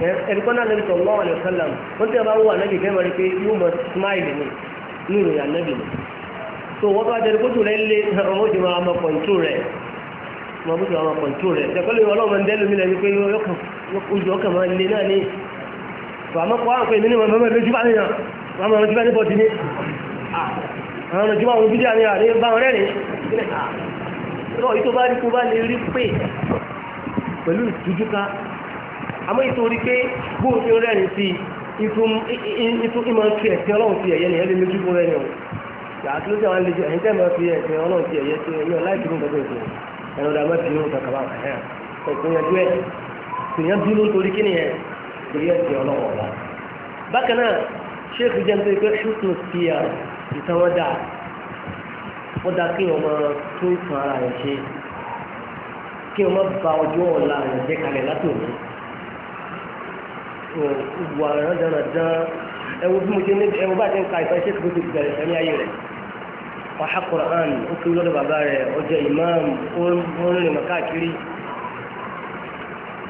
ẹnìkan náà lẹ́nu sọ̀rọ̀ lọ́wọ́ àlẹ́ sálàm wọ́n ti bá wọ ànábì fẹ́ mọ̀rẹ́ pé yóò mọ̀ smile ni ní ìròyìn ànábì ni so wọ́n bá jẹ́rìí kótó rẹ̀ lé (laughs) ọmọ òjì máa ma kọ̀ǹtó rẹ̀ ọmọ òjì máa ma kọ̀ǹtó rẹ̀ ṣẹ̀kọ́lé ọlọ́run dẹ́lu mi lẹ́nu pé ojú ọkàn máa lé náà ní àmọ́ kọ́ àwọn ìmínú ọmọ ẹgbẹ́ jùbá nìyàn wọ́n mọ̀ jùbá níbọ̀ tí ní àwọn jùbá àwọn bídí àmì àrí bá wọn rẹ̀rìn ìtọ́ ìtọ́ bá rí kó bá lè àmọ́ ìtorí pé bóun ti rẹ́rìn sí ìtún ìmọ̀ fi ẹ̀sìn ọlọ́run ti ẹ̀yẹ nìyẹn lè lójú fún rẹ́rìn o àti lójú àwọn àlejò ẹ̀yìn tẹ́lẹ̀ fi ẹ̀sìn ọlọ́run ti ẹ̀yẹ ti ẹ̀yẹ láìpẹ́ fún gbogbo ìṣòro ẹ̀rọ dàgbà ti ní òkà kàbá ẹ̀sìn yẹn dúẹ̀ èèyàn dúró nítorí kí nìyẹn torí ẹ̀sìn ọlọ́run ọ̀la bákan náà ṣéèkì jẹ́ nítorí pé ṣùtù ti ìtàn wọn dáa ó dáa kí wọn máa ba ọjọ́ ọ̀la rẹ̀ jẹ́ kalẹ̀ látòmí ìwò àrùn dandan ẹwọ bí mo ṣe ní ẹwọ bá ti ń ka ìfẹ́ ṣe kí n bẹ̀rẹ̀ sẹ́ni ayé rẹ̀ wàhá Qur'an ó kí lọ́dọ̀ bàbá rẹ̀ ọjọ́ imam ó ń rìn káàkiri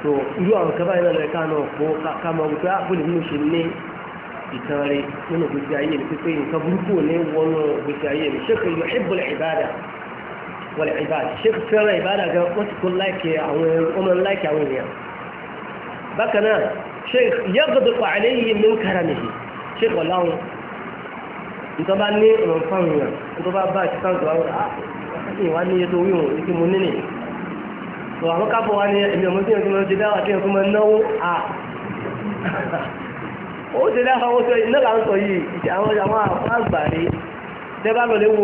tó irú àwọn kẹfà yìí lọ́dọ̀ ẹ̀ka náà kó ká mọ wípé àbúlé ah, mi ṣe ní ìtàn rẹ̀ nínú sheikh yaghdiqu alayhi min karamihi sheikh ọ̀làwọn nítorí bá ní ọ̀rọ̀ fáwọn èèyàn nítorí bá bá àti sáǹtì wọn á ìwà ní iye tó wí òun tí mo ní nì tó àwọn kábọ̀ wa ni èmi ọmọ tí wọn ti máa ń ṣe dáwà tí wọn fi máa ń náwó à ah. (laughs) ó ṣe dáwà wọn sọ yìí náà là ń sọ yìí àwọn àwọn àgbà rí tẹ́bá lọ lé wo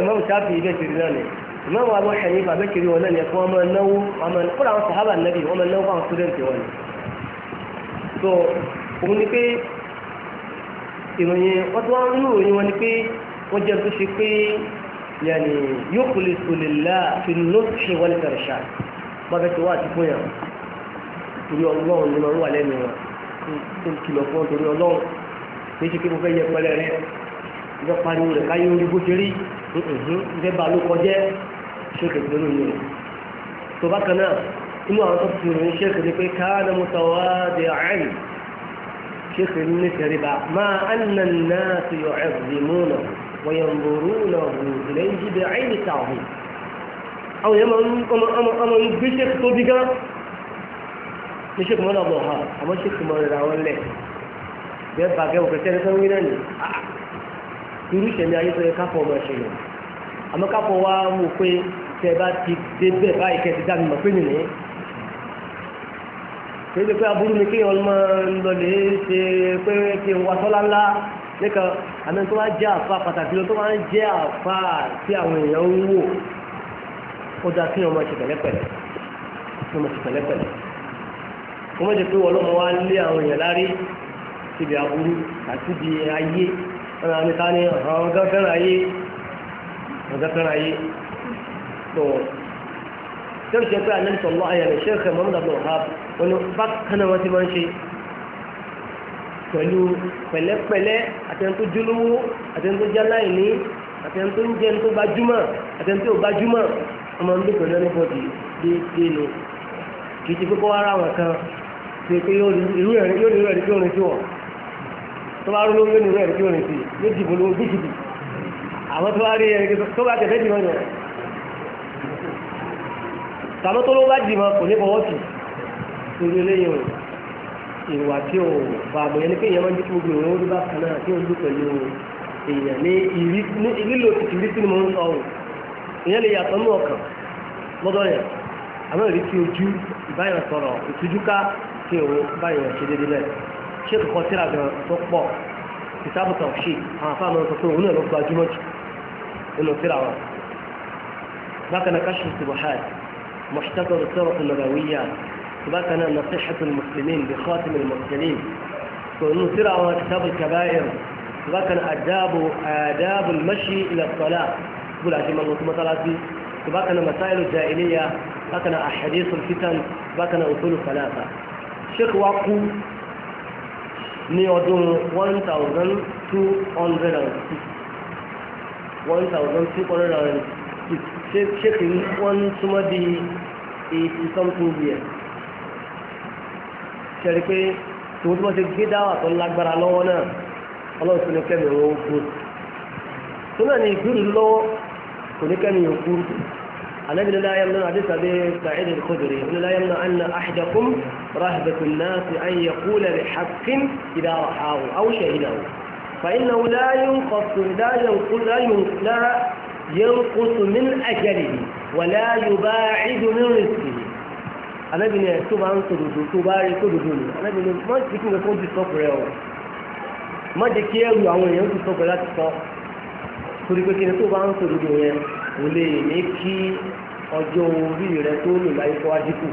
imam shafi ibẹ̀ ti rí náà ni imam abu hanifa bẹ́ẹ̀ kiri wọn náà ni ẹ̀kọ́ wọn máa náwó wọn máa kó sọ òun ni pé ìròyìn wọ́n ti wọ́n nínú ìròyìn wọn ni pé wọ́n jẹ́ tó ṣe pé yàní yóò kò lè sọ lè la fi lóṣù wọlé fẹ̀rẹ̀ ṣá bá fẹ́ ti wá àti fún yàn torí ọlọ́run ni wọ́n wà lẹ́nu wọn tó ń kìlọ̀ fún torí ọlọ́run kì í ṣe pé mo fẹ́ yẹ pẹlẹ rẹ ìjọ pariwo rẹ káyé orí bó ṣe rí ìfẹ́ bá ló kọjẹ́ ṣé kò tó lóyún o tó bá kan náà inú àwọn tó fi rìn ṣe kìí pé káàdà mutawadi àìn ṣe kìí ní tẹríba máa annan náà ti yọ ẹ̀bùnmọ́nà wọ̀nyẹ̀mbòrúnà ilẹ̀ yìí bẹ̀ àìn tàwọn. àwọn yẹn máa ń gbé ṣe tó bí gan ní ṣe kìí mọ́nà bọ̀ ha àmọ́ ṣe kìí mọ́nà àwọn lẹ̀ bẹ́ẹ̀ bá gẹ́wò kẹsẹ́ ẹni tó náà ni ah, irú ìṣẹ̀lẹ̀ ayé tó yẹ káfọ́ ọmọ ìṣẹ̀lẹ̀ àmọ́ káfọ́ wa mú pé tẹ bá ti dé bẹ́ẹ̀ báyìí kẹ́ ti dá mi mọ̀ pé nìyẹn kìí ṣe pé aburú ni kéèyàn máa ń lọ lè ṣe pé kí n wa tọ́lá ńlá nìkan àmì tó bá jẹ́ àfa pàtàkì lọ tó bá ń jẹ́ àfa tí àwọn èèyàn ń wò ó dáa kí wọ́n máa ṣe pẹ̀lẹ́pẹ̀lẹ́ kí wọ́n máa ṣe pẹ̀lẹ́pẹ̀lẹ́ wọ́n máa ṣe pé wọ́n lọ́mọ wa lé àwọn èèyàn lárí síbi aburú àti ibi ayé ọ̀nà àmì ta ni ọ̀gá fẹ́ràn ayé ọ̀gá fẹ́ràn ayé tó tó ṣe pé ànábì sallallahu alaihi wasallam Sheikh Muhammad Abdul Wahhab wọn ni bákan náà wọ́n ti máa ń ṣe pẹ̀lú pẹ̀lẹ́pẹ̀lẹ́ àtẹnudó jólówó àtẹnudó jáláìní àtẹnudó ń jẹ́ tó gbajúmọ̀ àtẹnudó ò gbajúmọ̀ ọmọ ń dúpọ̀ lẹ́nu bọ́dì déédéé ni kì í ti kókó ara wọn kan ṣe pé yóò nírú ẹ̀rí kí orin sí wọn tó bá rú lórí yóò nírú ẹ̀rí kí orin sí yóò dìbò lórí bí jìbì àwọn tó bá rí tàbí tó ló bá dìmọ̀ kò ní bọ̀wọ́ tù torí eléyìí o ìwà tí o bá àgbẹ̀ yẹn ni pé ìyẹn máa ń dín gbogbo ìwọ̀n orí bá kan náà tí o ń dún pẹ̀lú èèyàn ní ìlílò tìtì rí sí ni mo ń sọ o ìyẹn lè yàtọ̀ ní ọkàn lọ́dọ̀ yẹn àmọ́ ìrí tí ojú ìbáyọ̀ sọ̀rọ̀ ìtújúká kí o báyọ̀ ṣe déédéé bẹ́ẹ̀ ṣé kòkó tíra gan tó pọ̀ kìtàbù kan ṣì àwọn afáàmọ́ sọ pé òun náà ló gbajúmọ̀ jù nínú tíra wọn bákan náà káṣí ìsìnkú hajj محتضر السيرة النبوية وبكنا نصيحة المسلمين بخاتم المرسلين وأنه سرع على كتاب الكبائر وبكنا آداب آداب المشي إلى الصلاة تقول عشان الله ثم ثلاثي وبكنا مسائل الجاهلية وبكنا أحاديث الفتن وبكنا أصول ثلاثة شيخ واقو ní 1200 1260 ṣékì one súnmọ́ is 80 something years ṣẹ̀rí pé tòun tí wọ́n ti gbé dáwà tó lágbára lọ́wọ́ náà ọlọ́run tó ní kẹ́mi wọn ó gbó tó náà ní ìgbìrì lọ́wọ́ kò ní kẹ́mi yóò لا يمنع حديث أبي سعيد الخدري من لا يمنع أن أحدكم رهبة الناس أن يقول بحق إذا رحاه أو شهده فإنه لا ينقص لا ينقص لا ينقص من أجله ولا يباعد من رزقه أنا ẹ̀ tó bá ń sòdòdò tó أنا rí ما ni anábìnrin في jẹ́ kí nǹkan tó di sọ́kù rẹ o má jẹ́ kí ẹrù àwọn èèyàn tó sọ́kù láti sọ torí pé kí ni tó bá ń sòdòdò yẹn kò lè ní kí ọjọ́ orí rẹ tó lò láyé kọ́ adínkù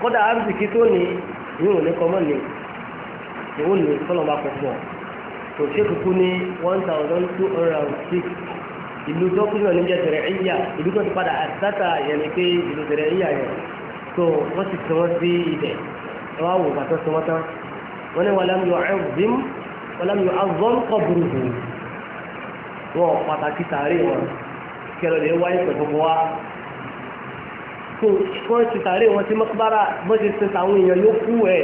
kódà ábìsìkì tó ní ìwọ̀n ní kọ́mọ́ ni ìwọ̀n ní sọ́nà bá kọ̀ kúkú ní one thousand two hundred and six ìlú tó kúrò ní jẹ́ tẹ̀rẹ̀ ìyá ìlú tó ti padà àtàtà yẹn ni pé ìlú tẹ̀rẹ̀ ìyá yẹn tó wọ́n ti sọ wọ́n sí ibẹ̀ ẹ wá wò bàtọ́ sọ wọ́n tán wọ́n ní wàlámù yọ ẹ̀rùbím wàlámù yọ azọ́n kọ́ burúkú wọn pàtàkì sàárè wọn kẹlẹ̀ lè wáyé pẹ̀lú wa kó wọ́n ti sàárè wọn sí mọ́kúbára bó ti sin àwọn èèyàn yóò kú ẹ̀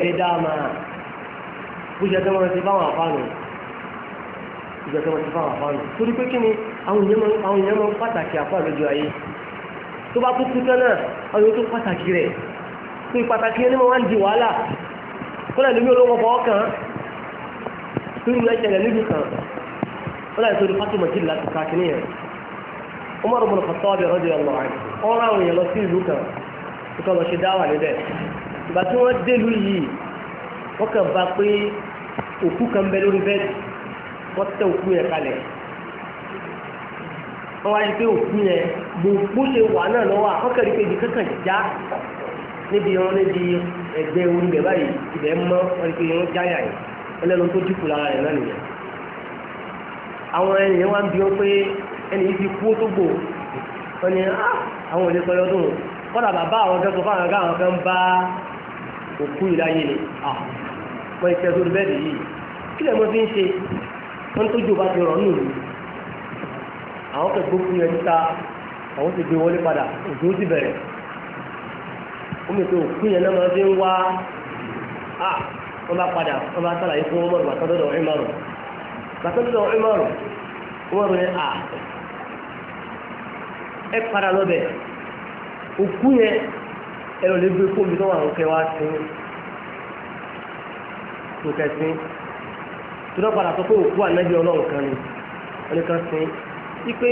ìjọ tó wọ́n ti fáwọn àfáànù torí pé kí ni àwọn èèyàn máa ń pàtàkì àfáà lójú ayé tó bá kúkú tán náà àwọn èèyàn tó pàtàkì rẹ̀ tó ìpàtàkì yẹn ni wọ́n wá ń di wàhálà kó lẹ́nu mi olówó fọwọ́ kàn án tó ń lọ ìṣẹ̀lẹ̀ nílùú kan wọ́n láì sọ́dún fásitì mọ̀tì láti káàkiri yẹn wọ́n máa rọ̀bọ̀n fàtọ́ ọ̀bẹ̀ rọ́dì ọ̀nà ọ̀rọ̀ àwọn èèyàn lọ sí wọ́n tẹ òkú yẹn kalẹ̀ wọ́n wá rí pé òkú yẹn gbogbo ṣe wà náà lọ́wọ́ àkọ́kẹ́rì pé ibi kankan já níbi wọn níbi ẹgbẹ́ oníbẹ̀ báyìí ibẹ̀ mọ́ wọ́n rí pé wọ́n jáyà yìí ẹlẹ́nu tó dìkù lára rẹ̀ náà nìyẹn àwọn ènìyàn wá ń bi wọn pé ẹni yìí ti kú tó gbò wọ́n ní ah, àwọn òde sọ yọdún kọ́dà bàbá àwọn kẹ́kọ̀ọ́ fáwọn ọ̀gá àwọn kan bá òkú ìdáyé ni ah, wọ́n ti tẹ́ sórí bẹ́ẹ̀ wọ́n tó jò bá ti rọ̀ nínú àwọn kẹ̀kọ́ fún yẹn níta àwọn ti gbé wọlé padà òjò ti bẹ̀rẹ̀ ó mi tó òkú yẹn náà máa fi ń wá à wọ́n bá padà wọ́n bá sàlàyé fún ọmọ rẹ̀ bàtọ́dọ̀dọ̀ ìmọ̀ràn bàtọ́dọ̀dọ̀ ìmọ̀ràn wọ́n rẹ̀ à ẹ padà lọ́bẹ̀ òkú yẹn ẹ̀rọ lè gbé fóònù tó wà ń kẹ́ wá sí tó kẹ́ sí tìrọ padà sọ pé òkú ànábì ọlọ́run kan ni wọ́n kan sin sí pé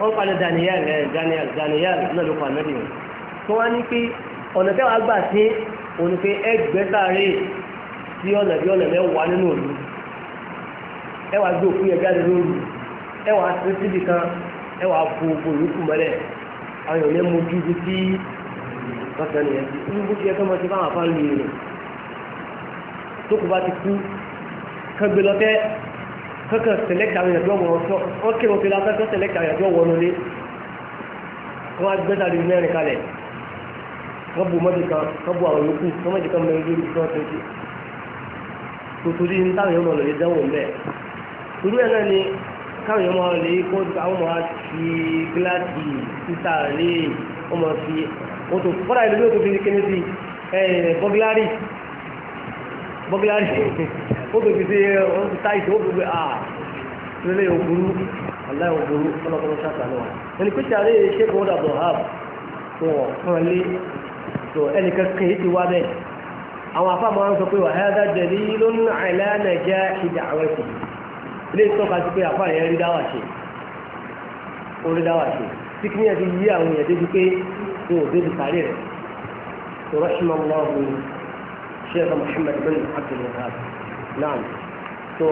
wọ́n pa ní Daniel ẹ̀ Daniel Daniel náà ló pa ànábì wọn tí wọ́n á ní pé ọ̀nà tẹ́wàá gbà sí òun pé ẹgbẹ́sàárè sí ọ̀nà bí ọ̀nà mẹ́wàá nínú òlu ẹwà gbé òkú yẹn jáde lóru ẹwà sí síbi kan ẹwà bo gbogbo ìlú mọ́lẹ̀ àwọn èèyàn lè mójú ibi tí wọ́n sọ nìyẹn tí wọ́n bó ti yẹ kí wọ́n ti bá wọn fa lu tó kù bá ti kú kan gbé lọ tẹ́ kankan select àwọn ìyàjọ́ wọn sọ wọ́n kí wọn fi lásán kan select àwọn ìyàjọ́ wọn lónìí wọ́n wá gbé sáré mẹ́rin kalẹ̀ wọ́n bu mọ́tò kan wọ́n bu àwọn yòókù wọ́n mọ́tò kan mẹ́rin lórí kan tó ti tòtòrí ní táwọn èèyàn lọ lè dánwò mẹ́ torí ẹ̀ náà ni káwọn èèyàn máa lè kó àwọn máa fi gíláàsì títà lé wọ́n máa fi wọ́n tó fọ́nà ìlú yóò tó fi kéde sí ẹ̀ bọ́gílárì bọ́gíláàrí ó bèbè sí táìsì ó bèbè à ah, lélẹ̀ ògbúrú aláì ògbúrú ọlọ́pọ̀lọ́ ṣàtàlẹ́ wa ẹni pé sàárè ṣé kò dà bọ̀ hàb tó wọ̀ fún ẹ lé tó ẹnì kankan yìí ti wá bẹ́ẹ̀ àwọn afá máa ń sọ pé wà hádà jẹ̀lí ló ń àìlá nàìjíríà ìdá àwọn ẹ̀sìn ilé ìtọ́ka sí pé àfá yẹn rí dáwà الشيخ محمد بن عبد الوهاب نعم تو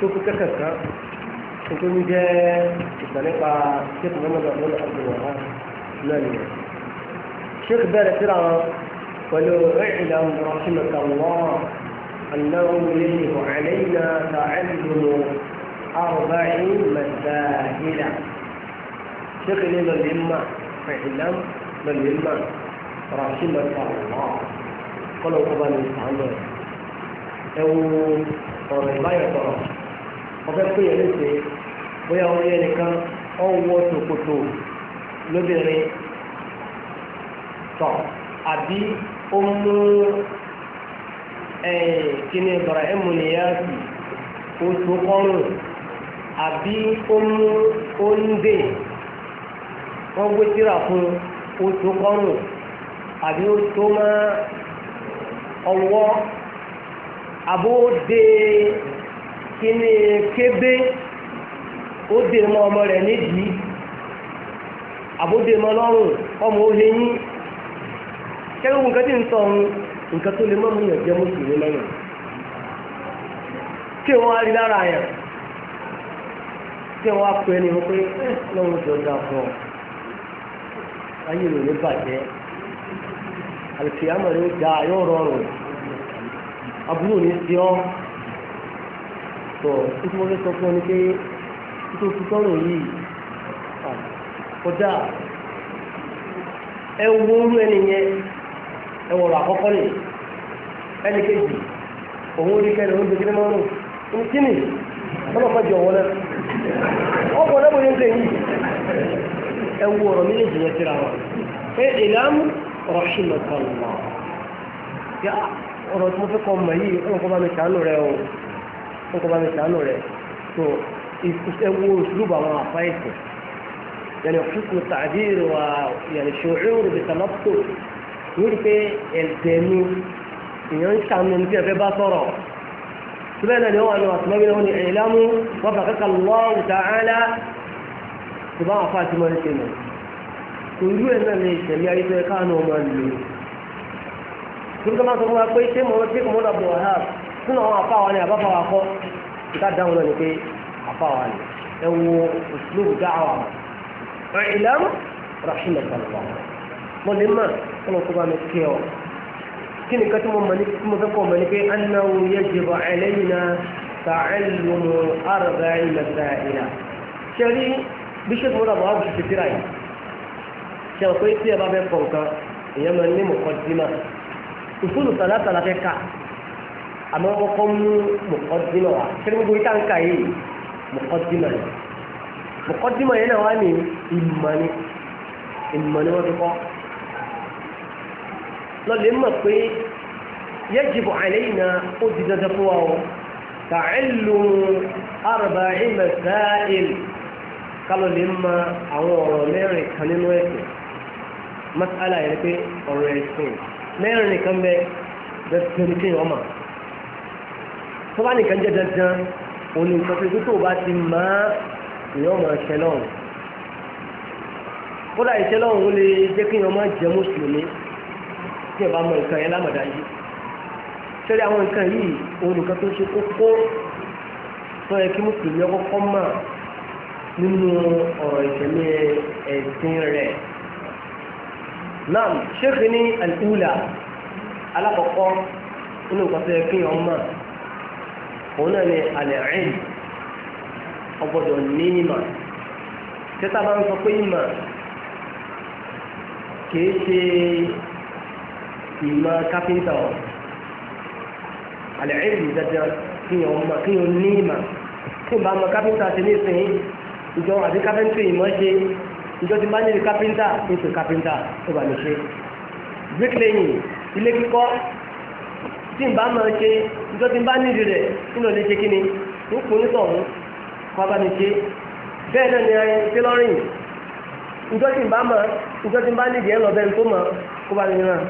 شوف كتبتها كنت جاء بطريقة الشيخ محمد بن عبد الوهاب نعم الشيخ بارك ترى ولو اعلم رحمك الله أنه يجب علينا تعلم أربع مسائل شيخ لنا الإمام فعلم من الإمام رحمك الله kọ́lọ̀ kó bá lè sàánú ẹ wo ọ̀rọ̀ ìbáyọ̀ sọ̀rọ̀ ọbẹ̀ pé yẹn léṣe bóyá wọn yẹ nìkan ọwọ́ tòkòtò lóbìnrin tọ̀ àbí ó ń mú kíni bọ̀rọ̀ ẹ̀ mú nìyá sí oṣù kọ́rùn àbí ó ń mú ó ń dè wọ́n gbé tíra fún oṣù kọ́rùn àbí ó tó máa. ọwọ́ àbóde kíní kébé ó dè mọ́ ọmọ rẹ̀ nídìí àbóde mọ́ lọ́rùn ọmọ ó léyìn kẹ́lú nǹkan tí ń sọ ọ̀run nǹkan tó lè mọ́ mú yàn mùsùlùmí lọ́nà kí wọ́n á rí lára yàn kí wọ́n á pè é eh, ní wọ́n pé àlùkìyàmọ̀ rẹ̀ dá yóò rọrùn abúlé òní sí ọ́ tó títí mo fẹ́ sọ fún ọ ní pé títí o ti sọ̀rọ̀ yìí kódà ẹ wo orú ẹni yẹn ẹ wọ̀rọ̀ àkọ́kọ́ nì ẹni kejì òun orí kẹrin òun gbẹgbẹ mọ́rù ń kí ni ọlọ́ má jẹ ọ̀wọ́ náà ọkọ̀ náà bóyá ń tẹ̀ yìí ẹ wo ọ̀rọ̀ méjèèjì yẹn síra wọn ẹ ìlànà rahimakallah yá ọ̀rọ̀ tí mo fẹ́ kọ́ mọ̀ yìí ó ń kọ́ bá mi sàánù rẹ o ó ń kọ́ bá mi sàánù rẹ tó ìfúnṣẹ́wó ìṣúlùbọ̀ àwọn àfáìsì yẹn ni fúnṣù tàbíìrì wa yẹn ni ṣòwúrò bìtàmọ́tò lórí pé ẹ̀dẹ̀nu èèyàn ń sàánù ní ẹ̀fẹ́ bá sọ̀rọ̀ síbẹ̀ náà ni wọ́n wà ní àtúmọ́bí náà ní ìlàmú wọ́n bàkẹ́kọ̀ọ́ lọ́wọ́ irú ẹ̀ náà ni ìtẹ̀lé ayé tó yẹ káàánú ọmọ lò nígbà máa sọ fún wa pé ṣé mo ṣe kò mọ́nà bọ̀ ha fún àwọn afáwa ni àbáfà wa kọ́ ìta dáhùn náà ni pé afáwa ni ẹ wo òṣìlú dáhùn àwọn ìlànà rahim ọ̀sánlọ́wọ́ mo lè mọ̀ kí wọ́n tó bá mi kí ọ kí ni kátó mo fẹ́ kọ́ mọ̀ ni pé anáwó yẹ jẹba ẹlẹ́yìn náà ṣe rí bíṣẹ́ ṣe ọ̀ pé tí ẹ bá fẹ́ kọ̀ nǹkan èèyàn máa ní mọ̀kọ́dímà ìfúnù sàlátà la fẹ́ kà àmọ́ kọ́kọ́ mú mọ̀kọ́dímà wá kí ni gbogbo ìta ń yìí mọ̀kọ́dímà ni mọ̀kọ́dímà yẹn náà wá ní ìmọ̀ ni ìmọ̀ ti kọ́ lọ́lẹ̀ mọ̀ pé يجب علينا أجد تقواه تعلم أربع مسائل قالوا لما أورو ميري كان نويته masala yẹn pé ọ̀rọ̀ ẹ̀sìn mẹ́rin nìkan bẹ dandan ní kéèyàn ọmọ tó bá nìkan jẹ́ dandan òní nǹkan tó tó bá ti mọ́ èèyàn ọmọ ẹ̀sẹ̀ lọ́hùn kódà ìṣẹ́ lọ́hùn ó lè jẹ́ kéèyàn ọmọ jẹ́ mùsùlùmí tí ẹ̀ bá mọ nǹkan yẹn lámọ̀dá yìí sẹ́rí àwọn nǹkan yìí òun tó ṣe kókó tó yẹ kí mùsùlùmí ọkọ̀ kọ́ mọ̀ nínú ọ̀rọ̀ ìṣẹ̀lẹ̀ ẹ̀sìn rẹ̀ náà ṣéèkì ní àlùkùlà alákọ̀ọ́kọ́ nínú nǹkan tó yẹ kí wọ́n mọ̀ òun náà ni àlẹ́ ẹ̀ẹ́n ọgbọ́dọ̀ ní ìmọ̀ tẹ́tà bá ń sọ pé ìmọ̀ kìí ṣe ìmọ̀ kápẹ́ńtà ọ̀ àlẹ́ ẹ̀ẹ́n dandan kí wọ́n mọ̀ kí wọ́n ní ìmọ̀ tí ìbámu kápẹ́ńtà ti ní ìsìn ìjọ àti kápẹ́ńtà ìmọ̀ ṣe ìjọ ti máa ń nílò kápẹ́ńtà ń pè kápẹ́ńtà ó bà lè ṣe bíríkìlẹ́yìn ilé kíkọ́ tí n bá máa ṣe ìjọ ti bá nílò rẹ̀ nínú ilé ṣe kí ni ń pò ní sọ̀rọ̀ kó bá mi ṣe bẹ́ẹ̀ náà ni ẹ eh, tẹ́lọ́rìn ìjọ ti bá máa ìjọ ti bá nílò ẹ̀ lọ bẹ́ẹ̀ tó máa kó bá mi ràn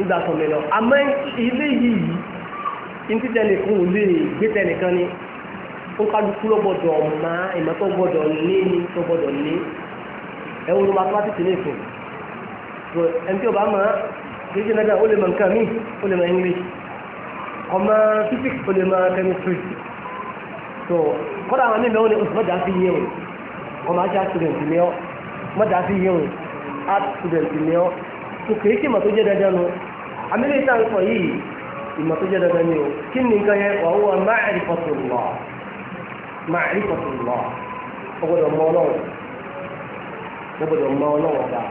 ìgbà sọ̀mì lọ àmọ́ ilé yìí ní tẹ́nìkan ò lè gbé tẹ́nìkan ni ó kálukú lọ́gbọ́dọ̀ máa ẹwọ́n ní mathematics ní ìfò so ẹni tí o bá mọ̀ ẹ́ kì í ṣe dandan ó lè mọ̀ nǹkan míì ó lè mọ̀ english ọmọ physics ó lè mọ̀ chemistry so kọ́dà àwọn mímẹ́ wọn ni oṣù mọ́jà fi yé wọn ọmọ ajá student ni ọ́ mọ́jà fi yé wọn art student ni ọ́ so kì í ṣe ìmọ̀ tó jẹ́ dandan nu amílẹ̀ ìta ń sọ yìí ìmọ̀ tó jẹ́ dandan ni o kí ni nǹkan yẹn wà wọ́n máa rí fọ́tò lọ́ọ̀ máa rí fọ́tò lọ́ọ̀ ọgbọ́dọ̀ mọ́ ọlọ́run gbọ́dọ̀ mọ ọlọ́wọ́ bá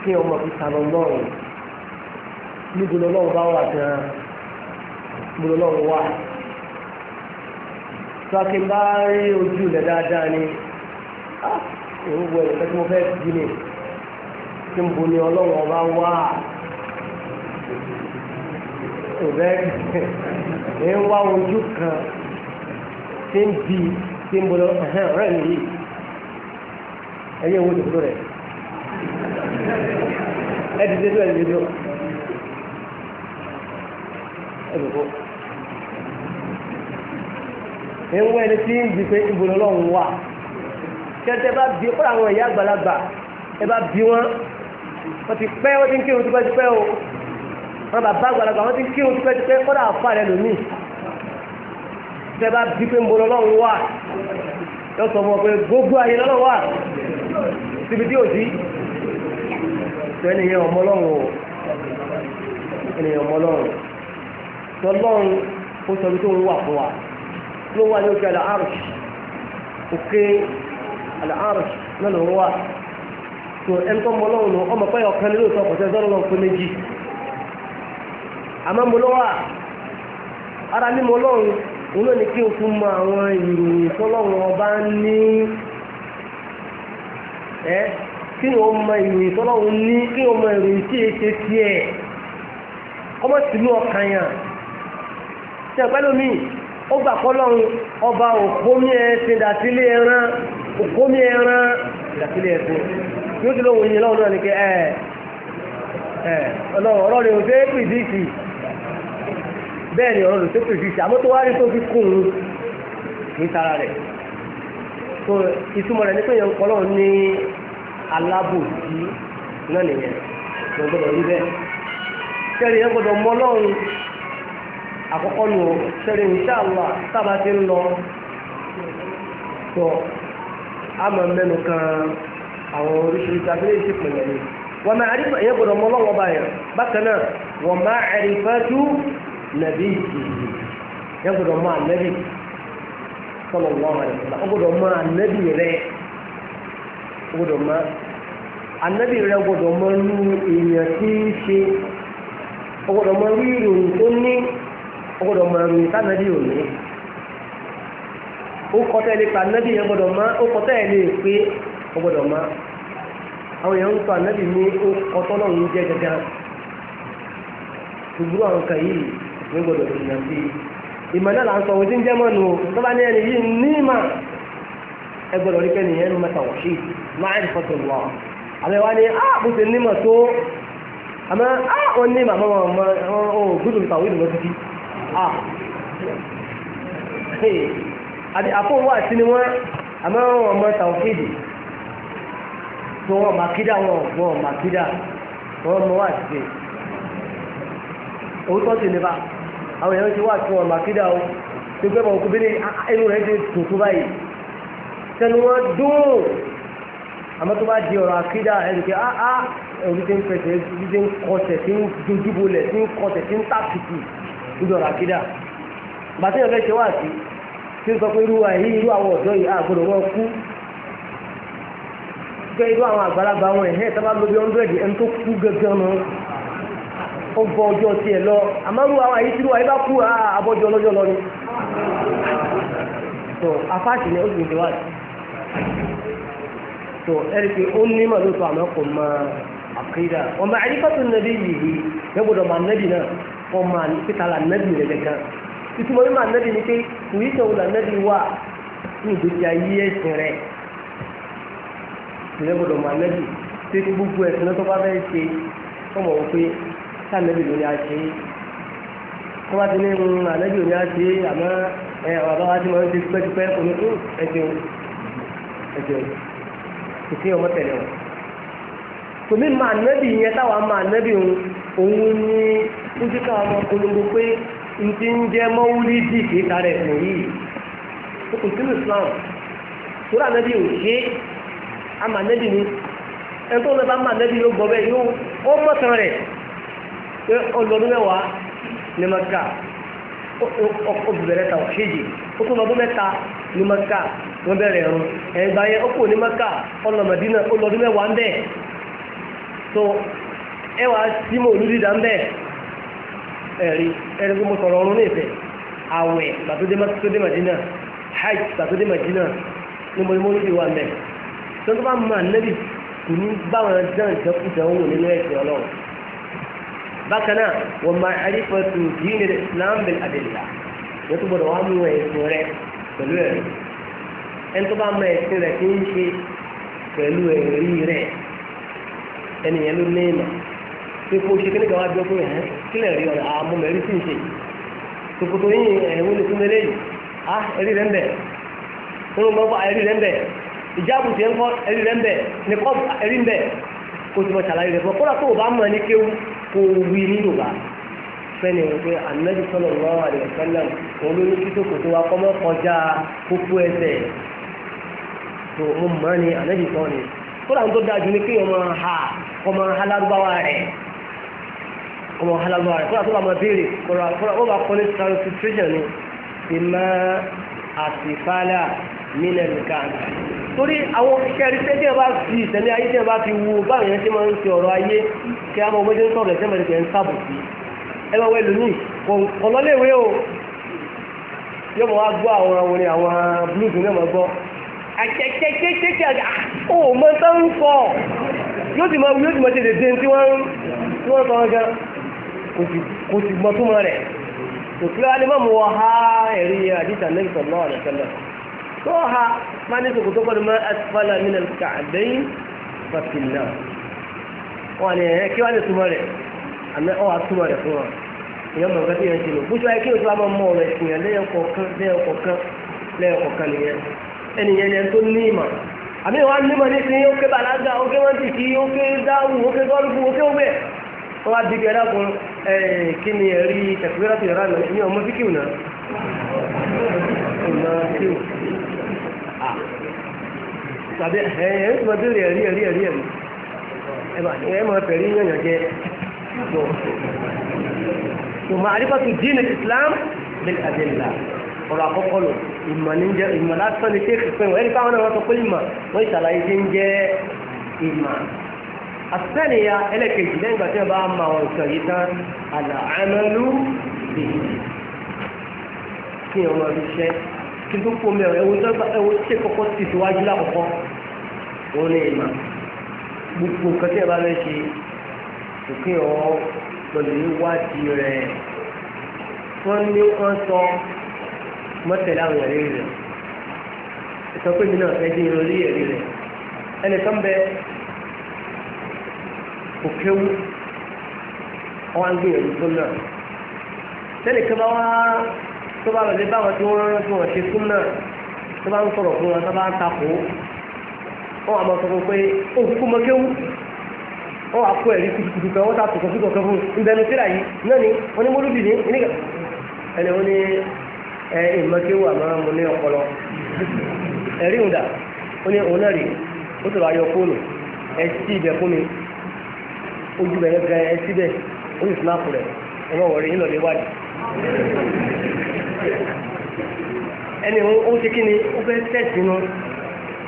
kí ọmọ fi ta lọ́rùn níbo lọ́wọ́ bá wà gan-an níbo lọ́wọ́ wà. sọ́kì bá rí ojú rẹ̀ dáadáa ni òun wọ ẹ̀ka tí mo fẹ́ bí ni tí mo ní ọlọ́wọ́ bá wà òbẹ́ ẹ̀ ń wá ojú kan tí ń bi tí ń bọ̀ lọ́wọ́ ọ̀rẹ́ mi yìí ẹ̀yẹ owó ìdòdó rẹ̀ ẹ̀dì dédó ẹ̀dì dédó ẹ̀dòdó ẹ̀wọ́ ẹni tí ń gbé pé ìbòlò lọ́hùn wà tẹ́tẹ́ bá bí kọ́ àwọn ẹ̀yà àgbàlagbà ẹ bá bí wọn wọ́n ti pẹ́ wọ́n ti ń kírun tipẹ́ tipẹ́ o wọ́n bàbá àgbàlagbà wọ́n ti ń kírun tipẹ́ tipẹ́ kọ́dà àfa rẹ̀ lónìí tẹ́ bá bí pé ìbòlò lọ́hùn wà lọ́sọ̀ọ́ mọ̀ pé gbogbo ayé lọ́wọ́ wà. síbi tí ò sí tó ẹnìyẹn ọmọ o ẹnìyẹn ọmọ tó ọlọ́run ó sọ bí tó ń wà fún wa ló wà ní òkè àlàárùsì òkè àlàárùsì náà ló ń wà tó ẹni tó mọ ọmọ pẹ́yà ọ̀kan ara mímọ ọlọ́run òun náà ni kí o tún ma, àwọn ìròyìn ọba kí wọ́n mọ ìròyìn tọ́lọ́run ní kí wọ́n mọ ìròyìn tí èyí ṣe tiẹ̀ ọmọ tìlú ọkàn yàn ṣe pẹ́lú mi ó gbà kọ́lọ́run ọba òpómi ẹ̀sìn dàtílé ẹran òpómi ẹran dàtílé ẹ̀sìn yóò ti lóhun yìí lọ́wọ́ náà ni pé ẹ̀ ẹ̀ ọlọ́run ọlọ́run ò ṣe é pìdíìtì bẹ́ẹ̀ ni ọlọ́run ò ṣe é pìdíìtì àmọ́ tó wá rí tó fi kùn ún ní tara rẹ̀ so ìtumọ̀ rẹ̀ ní pé yẹn ń kọ́lọ́run ní alábòsí náà nìyẹn lọ gbọ́dọ̀ rí bẹ́ẹ̀ sẹ́rí yẹn gbọ́dọ̀ mọ Ọlọ́run àkọ́kọ́ nù sẹ́rí ìṣàlá sábà ti ń lọ sọ àmọ́ mẹ́nu kan àwọn oríṣiríṣi abẹ́rẹ́ ìṣèpìlẹ̀ ni wọ́n máa rí yẹn gbọ́dọ̀ mọ Ọlọ́run ọba yẹn bákan náà wọ́n máa rí fẹ́jú nàbí ìṣèlú yẹn gbọ́dọ̀ mọ ànẹ́bí sọlọ́wọ́ àrẹ̀ gbọ́dọ̀ mọ ànẹ́bí rẹ̀ gbọ́dọ̀ mọ ànábì rẹ gbọ́dọ̀ mọ irú èèyàn tí ń ṣe ọgbọ́dọ̀ mọ irú ìròyìn tó ní ọgbọ́dọ̀ mọ ìròyìn tánàbì ò ní ó kọ́ tẹ́lẹ̀ pa ànábì yẹn gbọ́dọ̀ mọ ó kọ́ tẹ́lẹ̀ pé ọgbọ́dọ̀ mọ àwọn èèyàn ń sọ ànábì ní ó kọ́ tọ́lọ̀ ń jẹ́ gẹ́gẹ́ ṣùgbọ́n àwọn kan yìí ní gbọ́dọ̀ ìrìnà sí i ìmọ̀ náà là ń sọ òun ń jẹ́ mọ́nu tó ní ẹni yìí ní ìmọ̀ ẹ gbọ́dọ̀ nìyẹn ń mẹ́ta wọ̀ sí máa ń fọ́tò lọ́wọ́ àbẹ̀wá ni á ah, mo ti nímọ̀ tó àmọ́ á ah, wọ́n ní màmá wọn mọ ọ̀hún gúdùn nípa òwe ìdùnnú títí à àti àfọwọ́ àti ni wọ́n àmọ́ wọn mọ tàwọ́fíìdì tó wọn màkídà wọn wọn màkídà wọn mọ wá àti òótọ́ sì nípa àwọn èèyàn ti wá àti wọn màkídà o tó gbẹ́mọ̀ òkú bí ní ah, inú rẹ̀ ti tòótó báyìí tẹnu wọn dùn àmọ́ tó bá di ọ̀rọ̀ akídà ẹ̀rùkẹ́ áá ah, ah, oríṣẹ́ ń pẹ̀sẹ̀ oríṣẹ́ ń kọsẹ̀ tí ń dojúbolẹ̀ tí ń kọsẹ̀ tí ń tàkìtì níbi ọ̀rọ̀ akídà bàtí ẹ̀fẹ́ ṣe wà sí tí ń sọ pé irú àyí irú àwọn ọ̀dọ́ yìí àgbọ̀dọ̀ wọn kú pé irú àwọn àgbàlagbà wọn ẹ̀hẹ́ tá bá bí ẹni tó kú nu ó bọ ọjọ́ tiẹ̀ lọ àmọ́ so ẹni pé ó ní màá ló sọ àmọ́ kò mọ àkídà wọn bá àyíkàtò nàbí yìí yẹn gbọdọ̀ máa nàbí náà wọn máa ní pété àlà nàbí rẹ gẹ́gẹ́ ìtumọ̀ yìí máa nàbí ni pé kò yí sọ̀rọ̀ là nàbí wà ní ìgbésí ayé ẹ̀sìn rẹ̀ ìyẹn gbọdọ̀ máa nàbí pé gbogbo ẹ̀sìn náà tó bá fẹ́ ṣe ọmọ wọn pé sáà nàbí ló ní a ṣe bá ti ní ń hmm, àlejò ní a àmọ́ ẹ̀ ọ̀rọ̀ wa ti máa ń ṣe pẹ́ẹ́pẹ́ oníkú hmm, ẹ̀jẹ̀ kò sí ọmọ tẹ̀lé wọn. tòmí máa nẹ́bì yẹn táwa máa nẹ́bì òun ní ojú káwa máa polongo pé n ti ń jẹ́ mọ́wúlí dì kí tara ẹ̀sìn yìí o kò sínú Islam torí ànẹ́bì ò ṣe é àmà nẹ́bì ni ẹni tó ń lọ bá máa nẹ́bì yóò gbọ́ bẹ́ẹ̀ yóò ó mọ̀tàn rẹ̀ pé ọlọ́dún mẹ́wàá ní Mẹ́kà ó bẹ̀rẹ̀ tàwọn ṣéjì ó tún lọ́dún mẹ́ta ní Mẹ́kà wọ́n bẹ̀rẹ̀ ẹ̀rùn ẹ̀gbà yẹn ó kò ní mẹ́kà ọlọ́mọdínà ọlọ́dún mẹ́wàá ń bẹ̀ tó ẹwà tí mo lù dídá ń bẹ̀ ẹ̀rí ẹ̀rí pé mo sọ̀rọ̀ ọ̀run ní ìfẹ́ àwẹ̀ gbàtódé mẹ́dínà hajj gbàtódé mẹ́dínà ní mo ní mo lù dí wa ń bẹ̀ tó ń tó bá mọ ànábì kò ní báwọn dán ìjọkùjọ wò nínú ẹ̀sìn ọlọ́run bákan náà wọ́n máa àrífọ́ tó dín ní Islam bil adilla wọ́n tó gbọ́dọ̀ wá mú ẹ̀sìn rẹ pẹ̀lú ẹ̀rí ẹni tó bá mọ ẹ̀sìn rẹ̀ ti ń ṣe pẹ̀lú ẹ̀rí rẹ̀ ẹni yẹn ló léèmọ̀ pé kó ṣe kíníkà wá jọ fún ẹ̀hán kílẹ̀ rí ọ̀rọ̀ àmọ́ mẹ́rí sì ń ṣe tòkòtò yín ẹ̀hún lè fún mi léyìí á ẹ̀rí rẹ̀ ń bẹ̀ nínú gbọ́gbọ́ ẹ̀rí rẹ̀ ń bẹ̀ ìjáàbù tiẹ̀ ń kọ́ ẹ̀rí rẹ̀ ń bẹ̀ ní kọ́ ẹ̀rí ń bẹ̀ kó ti mọ ṣàlàyé rẹ̀ fún ọ kódà tó o bá mọ̀ ní kéwu kó wí ní yorùbá fẹ́ni wípé anabi sọ̀rọ̀ lọ́wọ́ àdìgbẹ́sọ́lẹ̀ òun ló ní kí tòkòtò wa kọ́ kọjá kókó ẹsẹ̀ tó mo mọ̀ ní ànábì sọ ni kódà ń tó dájú ní kéèyàn máa ha ọmọ alárúbáwá rẹ̀ ọmọ alárúbáwá rẹ̀ kódà tó bá máa béèrè bá kọ́ ní ni àtìfálà nílẹ̀ nìkan torí àwọn bá fi ayé bá fi báwọn yẹn máa ń fi ọ̀rọ̀ ayé kí a mọ ọmọdé ń sọ̀rọ̀ ẹ̀sẹ̀ mẹ́rin yóò mọ̀ wá gbọ́ àwọn ni àwọn blues gbọ́ àkẹ́kẹ́kẹ́kẹ́ ah, ó mọ́ tó ń sọ yóò ti mọ́ yóò ti mọ́ ṣe dèdè tí wọ́n tí wọ́n sọ gan kò sì mọ́ túmọ̀ rẹ̀ kò sí wá ní mọ́ mu wọ́n ha ẹ̀rí àdìsá nẹ́bí sọ̀rọ̀ náà lọ́sẹ̀lẹ̀ tó ha máa ní sòkòtò pẹ̀lú mọ́ asfala nínú kàdéyìn fàtìlá wọn ni ẹ̀ kí wá ní túmọ̀ rẹ̀ àmì ọ̀ àtúmọ̀ rẹ̀ fún wọn èèyàn mọ̀ nǹkan tí yẹn ti lò bó ṣe wáyé kí o tó wá mọ̀ ọ̀rọ̀ ẹ̀sìn yẹn lẹ́yọ̀ kọ̀ọ̀kan lẹ́yọ̀ kọ̀ọ̀kan lẹ́yọ̀ kọ̀ọ̀kan nìyẹn ẹnìyẹn ni ẹni tó ní ìmọ̀ àmì ìwà nímọ̀ ní sin ókè bàlágà ókè mọ́tìkì ókè dáhùn ókè gọ́lùkù ókè òbẹ̀ wọ́n wá di kẹ́ẹ̀dá kan kí ni ẹ̀rí tẹ̀síwẹ́rẹ́ tó yọ̀rá ní ọmọ fíkìw náà ọmọ fíkìw tàbí ẹ̀yẹ ń sọ bẹ́ẹ̀rẹ̀ ẹ̀rí ẹ̀rí ẹ̀rí ẹ̀rí ẹ̀ máa fẹ̀rí ọ̀rọ̀ àkọ́kọ́ lò ìmọ̀ ní jẹ́ ìmọ̀ lásán ni ṣéèkì pé wọ́n ẹni káwọn náà wọ́n sọ pé ìmọ̀ wọ́n ìṣàlàyé ṣe ń jẹ́ ìmọ̀ àtẹ́nìyà ẹlẹ́kẹ̀jì lẹ́yìn ìgbà tí wọ́n bá ma ọ̀rọ̀ ìṣàn yìí tán àlà àmàlú bìí kí wọ́n máa fi ṣẹ́ kí tó kó mẹ́rin ẹ̀wọ̀n tó bá ẹ̀wọ̀n ṣe kọ́kọ́ ti síwájú lákọ̀ọ́kọ́ òun ní ìmọ̀ gbogbo nǹkan tí wọ́n bá ṣe òkè ọ̀ pẹ̀lú ìwádìí mọ́tẹ̀lá àwọn ẹ̀rí rẹ̀ ìsọ pé mi náà fẹ́ dín orí ẹ̀rí rẹ̀ ẹnìkan bẹ kò kéwú ọwọ́ ń gbìyànjú tó náà lẹ́nìkan bá wá tó bá lọ́dẹ báwọn tí wọ́n rán tí wọ́n ṣe fún náà tó bá ń sọ̀rọ̀ fún wọn tó bá ń takò wọ́n àmọ́ sọ fún pé ó kú mọ́ kéwú wọ́n wá kó ẹ̀rí kùtùkùtù kan wọ́n ta tòkòtù kọ̀ọ̀kan fún un ìbẹnu síra yìí náà ni wọ́n ní mọ́lúbì ní ẹnì ẹ ìmọ̀kéwà máa mú ní ọpọlọ ẹ̀rí ìdá ó ní òun náà rí ó sọ̀rọ̀ ayọ fóònù ẹ sí ibẹ̀ fún mi ojú bẹ̀rẹ̀ gan ẹ síbẹ̀ ó sì sínáàpù rẹ̀ ẹ mọ̀ wọ̀rí nílò léwádìí. ẹni ó ṣe kí ni ó fẹ́ tẹ̀sí nu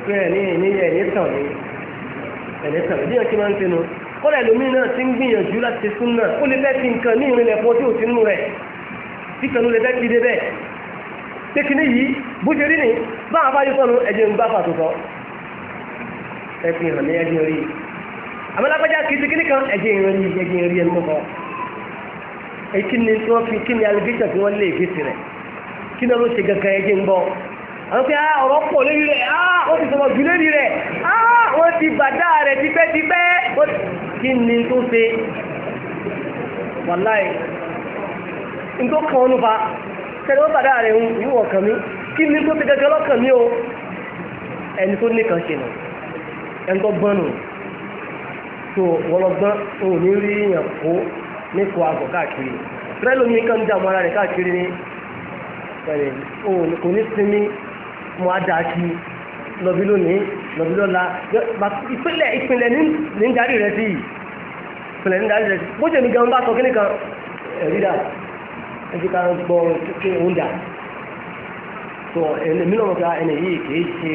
pé ẹni ẹni ẹni tàn ní ẹni tàn ní bí wọn ti máa ń tẹnu kọ́lá ẹlòmíín náà ti ń gbìyànjú láti sún náà ó lè fẹ́ fi nǹkan ní ìrìnlẹ̀ fún ọtí òtínú rẹ̀ tí lè fẹ́ fi dé bẹ́ẹ̀ kékeré yìí bó ṣe rí ni bá a bá yí sọnù ẹ̀jẹ̀ ń bá fàtó sọ ẹ fi hàn rí àmàlágbájá kìí ti kan ẹ̀jẹ̀ rí ẹ̀jẹ̀ rí ẹnu kọ kí ni tí wọ́n fi kí ni alùpùpù tí wọ́n lé ìfèsì rẹ̀ kí ni wọ́n ṣe gangan ẹ̀jẹ̀ ń bọ̀ àwọn pé ah, ọ̀rọ̀ pọ̀ lórí rẹ̀ ah, wọ́n ti sọ̀rọ̀ jù lórí rẹ̀ ah, wọ́n ti bàdá rẹ̀ tipẹ́tipẹ́ kí ni tó ṣe wàláì nǹkan kan ló kẹrin wọ́n bàdá rẹ̀ yíwọ̀ kàn mí kí ni tó ti gẹ́gẹ́ lọ́kàn mí o ẹni tó nìkan ṣe nù ẹni tó gbọ́n nù tó wọlọgbọ́n òun ní rí yàn kó ní kó àgọ̀ káàkiri rẹ́lò mi kàn ń dààmú ara rẹ̀ káàkiri ni òun kò ní sinmi mo á dáa sí lọ́bí lónìí lọ́bí lọ́la ìpínlẹ̀ ìpínlẹ̀ ní ń darí rẹ̀ sí ìpínlẹ̀ ní ń darí rẹ̀ sí bó ṣe mi gan bá sọ kí nìkan ẹ̀rí dáa ẹjẹ́ ká gbọ́ kíkẹ́ oúnjẹ tó ẹni mìíràn ọ̀gá ẹni yìí kìí ṣe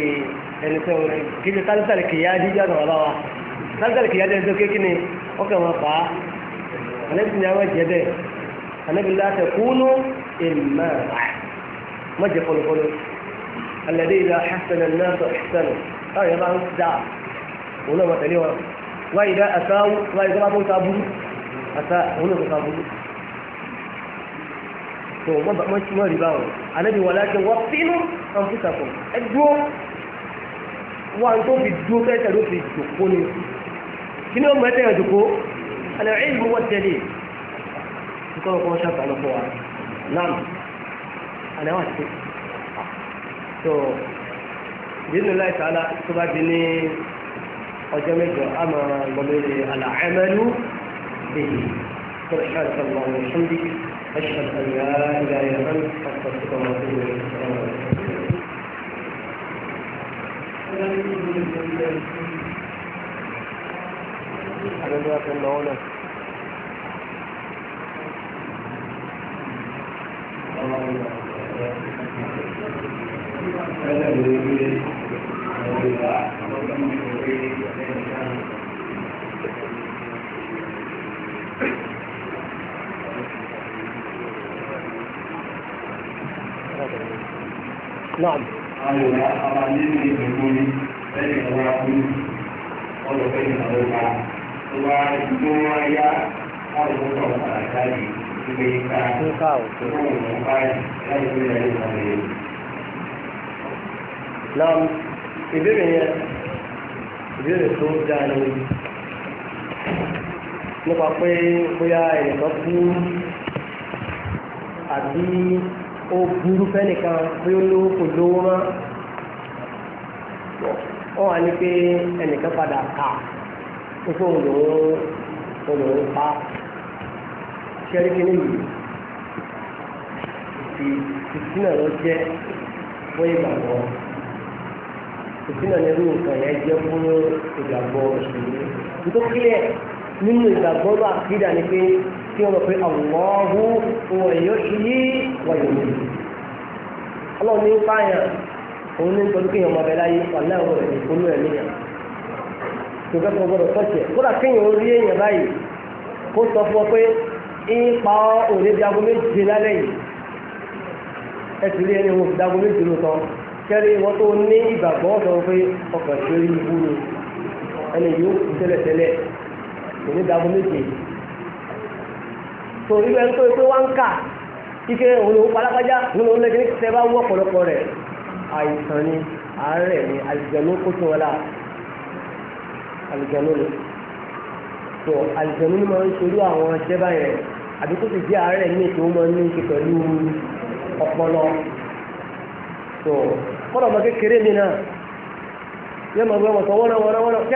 ẹni tó ń rìn kìí ṣe tálísàlì kìí yá jíjá náà bá wa tálísàlì kìí yá jẹ́ ẹjọ́ kékeré ni ọkàn wọn fà á ànábì ni àwọn jẹ bẹ́ẹ̀ ànábì láti kúnú ìmọ̀ mọ̀ jẹ fọlọfọlọ alẹ́dẹ́ ìlà hasanà náà sọ ìsànù táwọn yẹn bá ń dà òun náà mọ̀ tẹ̀lé wọn wáyé dá tó mọ́ rí báwọn anábì wà láti wọ́n fínú kan fún ìtàkùn ẹ dúró wà ń tó fi dúró kẹ́kẹ́ ló fi jòkó ni kí ni ọmọ ẹ̀tẹ́ yẹn jòkó alẹ́ ẹ̀yìn mú wọ́n tẹ̀lé nítorí kan ṣàtà lọ́pọ̀ wa náà alẹ́ wà sí tó bínú láì sàálà tó bá di ní ọjọ́ mẹ́jọ a máa lọ lórí alàhẹ́mẹ́lú bèyí tó ṣàtà lọ́wọ́ أشهد أن لا إله إلا أنت حتى وأتوب إليك السلام عليكم. أنا جاك النعونة náà. àwòrán ara nínú ìgbìmọ̀ ni lẹ́yìn ọ̀rọ̀ akúlù ọ̀rọ̀ fẹ́yìn tó bá tó wá yá láwọn ọ̀pọ̀ àtàkàlì ìgbé ìka nípa òkè ọ̀rọ̀ báyìí láì fi rẹ̀ ìgbà rẹ̀. náà ìbéèrè yẹn ìbéèrè tó dáa ni nípa pé bóyá ẹ̀yìn kan kú àbí ó burú fẹ́nìkan pé ó lówó kò lówó mọ́ wọ́n wá ní pé ẹnìkan padà kà ó fóun lòun ó lòun pa ṣẹ́ríkínì yìí ìsìnà ló jẹ́ fún ìgbàgbọ́ ìsìnà ní irú nǹkan yẹn jẹ́ fún ìgbàgbọ́ òṣèlú nítorí kílẹ̀ nínú ìgbàgbọ́ ló àkídà ni pé tí wọ́n pe àwọ̀hù wọ̀ yóò yí wọ̀nyí. ọlọ́run ní pààyàn òun ní nítorí kéèyàn máa bẹ láyé wàlá ọ̀rọ̀ rẹ̀ ìpolú ẹ̀mí yẹn. tòkẹ́ kan gbọ́dọ̀ tọ́sẹ̀ kódà kéèyàn orí èèyàn báyìí kó sọ fún ọ pé ipa òde di aago méje lálẹ́ yìí ẹ ti rí ẹni wọn fi dago méje ló tán kẹ́rí wọn tó ní ìgbàgbọ́ sọ pé ọkàn tó rí ni ẹni yóò kú tó irú ẹni tó pé wọ́n ń kà ike òun lòun palápájá òun lòun lẹ́gbẹ̀ẹ́ ní tẹ́ bá wú ọ̀pọ̀lọpọ̀ rẹ̀ àìsàn ni àárẹ̀ ni àlìjẹ̀nú kó tó wọn la àlìjẹ̀nú ni tó àlìjẹ̀nú ni máa ń ṣerú àwọn ṣẹ́ báyẹn àbí tó ti jẹ́ àárẹ̀ ní ètò wọn ní ṣe pẹ̀lú ọpọlọ tó kọ́nà ọmọ kékeré mi náà yẹ́n mọ̀ gbọ́dọ̀ wọ́n sọ wọ́n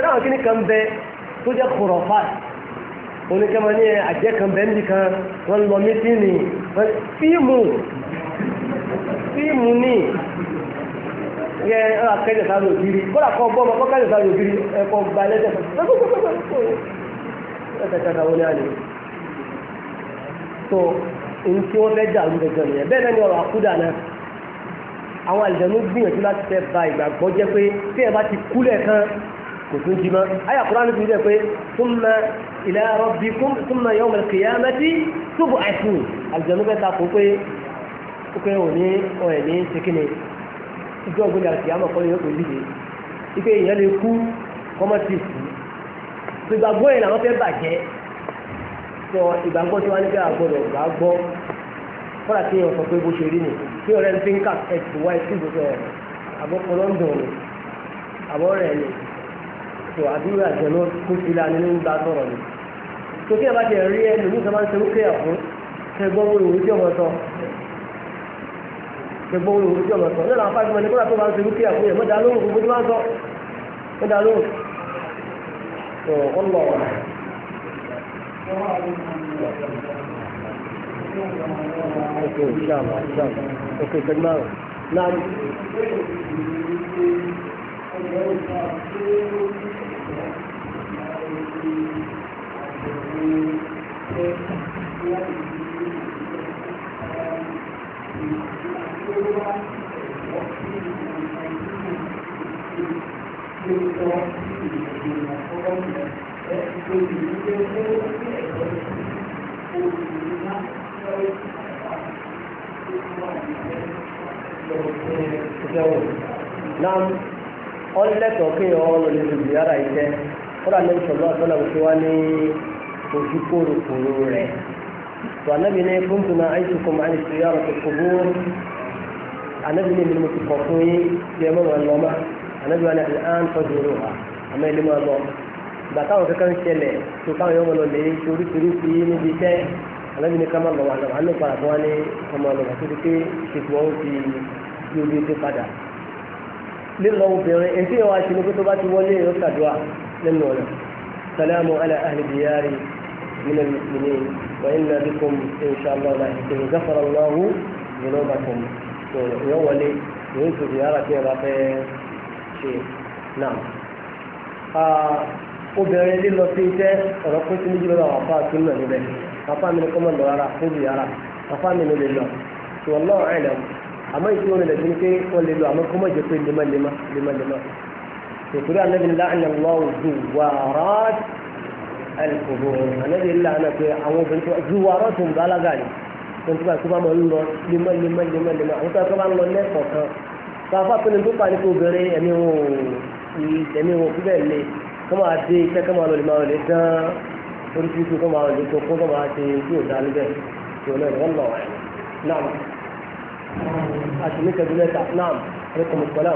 náà wọ́n náà oníkẹ́mọ ní àjẹ́ kan bẹ́ẹ̀ndì kan wọ́n lọ mítíìnì fíìmù fíìmù ní ẹ akẹ́jẹ̀ sáré ògiri kódà kọ́ bọ́ ọmọ kọ́ kẹ́jẹ̀ sáré ògiri ẹ̀kọ́ gba ẹlẹ́jẹ̀ ẹ̀kẹ́kẹ́kẹ́ wọlé àná tó ní tí wọ́n fẹ́ ni ọ̀rọ̀ àkúdà náà àwọn àlìjẹ̀mú gbìyànjú láti fẹ́ ba ìgbàgbọ́ jẹ́ pé tí ẹ kò tún jí mọ́ ayà kúránì fi dẹ̀ pé thumma ila rabbikum thumma yawm al-qiyamati tub'athun àlùjànnú bẹ́ẹ̀ ta kó pé ó pé òní ọ̀ẹ̀ ní ṣèkínni ìjọ ògbóni àlùkìyàmọ̀ kọ́ yóò kò dìde ipe èèyàn lè kú kọ́mọ́tì kù ìgbàgbọ́ yẹn làwọn fẹ́ bàjẹ́ sọ ìgbàgbọ́ tí wọ́n ní bẹ́ẹ̀ àgbọ̀dọ̀ gbàgbọ́ kọ́lá tí yẹn sọ pé bó ṣe rí ni tí ọ̀rẹ́ ń fi ń kà ẹ̀sìn wáyé sí ìgbésẹ̀ àbọ̀kọ́ lọ́ńdọ̀n àbọ̀rẹ́ ni tó àbúrò àjẹmọ́ kó fi lánàá ní gbà sọ̀rọ̀ ni tó kí ẹ bá jẹ rí ẹnu ní sábà ń ṣe rúkẹ́ ọ̀fún kẹgbọ́n wo ìwé tí ọmọ sọ kẹgbọ́n wo ìwé tí ọmọ sọ náà láǹfà ìfúnni kó látó bá ń ṣe rúkẹ́ ọ̀fún yẹn mọ́dà náà ọ̀lẹ́tọ̀ọ́ kí ọ̀rọ̀ lè fi gbìyàrá yìí jẹ́ kọ́ra lẹ́yìn sọ̀rọ̀ àtọ́nà òṣèwá ní ojú kòròkòrò rẹ̀ wàhálàbí ní kúntùnà àìsùkùn máa ń ṣe yàrá tó kúrú ànábì ní mímú ti kọ̀ fún yín bí ẹ mọ̀ràn lọ́mọ ànábì wọn ni àán tọ́jú rò wá àmọ́ ilé máa lọ ìgbà táwọn kankan ṣẹlẹ̀ tó káwọn yọmọ lọ lè ṣe oríṣiríṣi níbi iṣẹ́ ànábì ní ká má lọ wà lọ àánú padà fún wa ní ọmọ lọ tó ti pé ṣètò wọn ti di orí ti padà lílọ obìnrin èyí yẹn wá ṣe ni pé tó bá ti wọlé yóò nínú ọ̀nà sàlámù alẹ́ àhìlì من المسلمين وإن بكم إن شاء الله لاحقين غفر الله ذنوبكم يوم لي وينتو زيارة باقي شيء نعم obìnrin lílọ sí iṣẹ́ ọ̀rọ̀ pé tí méjì lọ́wọ́ àfa àti nà níbẹ̀ àfa mi ni kọ́mọ̀ lọ ara fún mi ara àfa mi ni lè lọ tí wọ́n lọ́wọ́ ẹ̀ lẹ́wọ̀ àmọ́ ìṣe wọn lè fi pé wọ́n lè lọ àmọ́ kọ́mọ̀ jẹ́ pé lemọ́lemọ́ lemọ́lemọ́. ìtúrí anábìnrin láàrin lọ́wọ́ ju wàrà alikobo anabi ńlá náà pé àwọn obìnrin tó ju arọ́ tó ń balaga ni wọn ti bá tó bá máa ń lọ lemọ lemọ lemọ lemọ àwọn tó bá ń lọ lẹ́kọ̀ọ́ kan káfá pinnu tó pa ní kó obìnrin ẹ̀mí wọn ẹ̀mí wọn kú lé kọ́ máa dé iṣẹ́ kọ́ máa lọ lè máa lè dán oríṣiríṣi kọ́ máa lè tó kún kọ́ máa ṣe tí ò níbẹ̀ tí ò náà wọ́n lọ àti ní kẹjú mẹ́ta náà rẹ̀ kọ́ mọ̀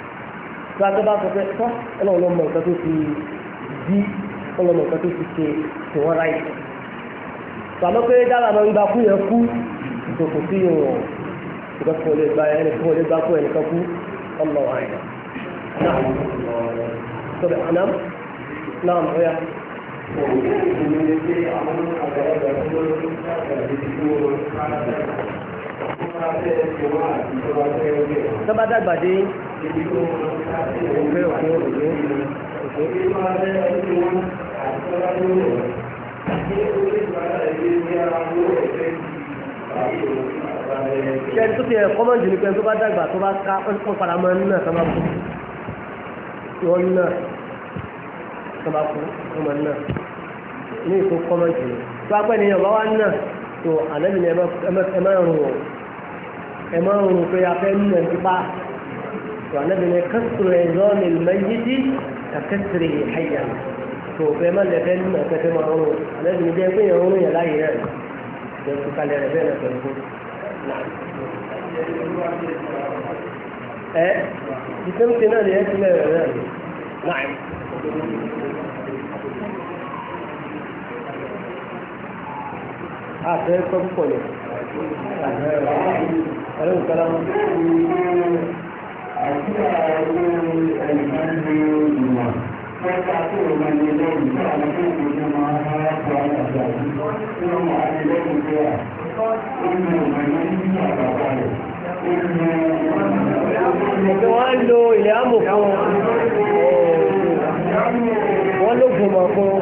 tí wọ́n bá sọ pé tọ́ ọlọ́mọ nǹkan tó fi bí ọlọ́mọ nǹkan tó fi ṣe tí wọ́n ráyè sàmọ́ pé dára máa ń gba kú yẹn kú ìdòkò sí ìwọ̀n ìgbà tí wọ́n lè gba ẹni tí wọ́n lè gba kú ẹnìkan kú ọlọ́ àyà náà sọ̀rọ̀ àná náà mọ̀ ya. Thank you tó bá dàgbà dé òkè òkè òkè òkè. kẹ́ni tó ti ẹ̀ kọ́mọ̀ jù ní pé tó bá dàgbà tó bá ká ó padà máa ń nà tó bá kú wọ́n nà tó bá kú ó máa ní ìkó kọ́mọ̀ jù tó bá pẹ́ nìyẹn bá wà ń nà tó ànábì ni ẹ má rùn o ẹ má rùn pé afẹ́ nù ẹ̀ nípa tó ànábì ni kásìrò ẹ̀zọ́ ni mẹ́yìdì kàkẹ́sìrì ẹ̀yà tó fẹ́ má lẹ fẹ́ nù ẹ̀fẹ́ fẹ́ má rùn ànábì ni jẹ́ pé ẹ̀ rùn yẹn láyé rẹ̀ jẹ́ kó kalẹ̀ rẹ̀ bẹ́ẹ̀ lọ́sọ̀ ẹ̀kọ́. ẹ ìsèǹtì náà ni ẹ ti lẹ̀ rẹ̀ náà. àtẹ ẹ̀kọ́ púpọ̀ lẹ̀ ẹ̀rọ ìkọlá wọn. Wọ́n lo ilẹ̀ àmọ̀ fún wọ́n ló gbùmọ̀ fún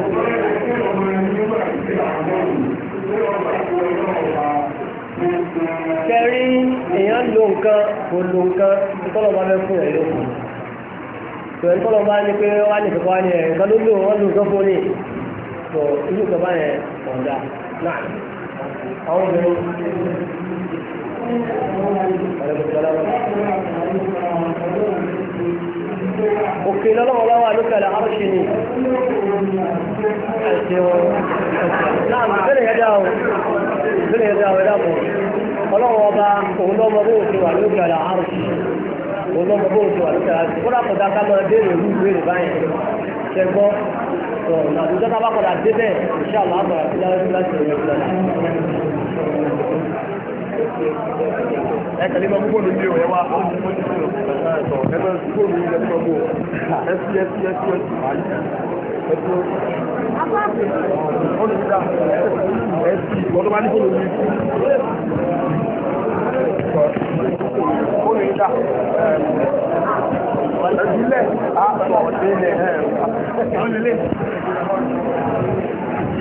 kẹrí èèyàn lo nǹkan kò lo nǹkan ìtọ́lọ́ba fẹ́ fún ẹ̀ lókun tòun ìtọ́lọ́ba ní pé wá ní ìfẹ́ wá ní ẹ̀ nǹkan ló lò wọ́n lo nǹkan fún ní tó inú ìjọba yẹn ọ̀dà náà àwọn obìnrin òkè lọ́lọ́wọ́ bá wà lókè àlàárọ̀ṣì ni ẹ̀ṣẹ̀wọ̀n náà bẹ́ẹ̀ yẹ dáa o bẹ́ẹ̀ yẹ dáa o ẹ̀dá bọ̀ ọlọ́wọ́ ọba òun lọ́mọ bó ti wà lókè àlàárọ̀ṣì òun lọ́mọ bó ti wà lókè àlàárọ̀ṣì kódà kọ̀dá ká máa béèrè ìlú ìbéèrè báyìí ṣẹgbọ́ àwùjọ ẹ̀kàlẹ́ máa gbogbo ní ìwé wa ẹ̀mẹ́ gbogbo ní ilẹ̀ tó gbò ẹ̀sí ẹ̀sí ẹ̀sí ẹ̀sí ẹ̀sí ọ̀nà ẹ̀sí ìwọ́n bá ní gbogbo ní Ìjìnlẹ̀ àpọ̀ ìdílé ẹ̀rọ.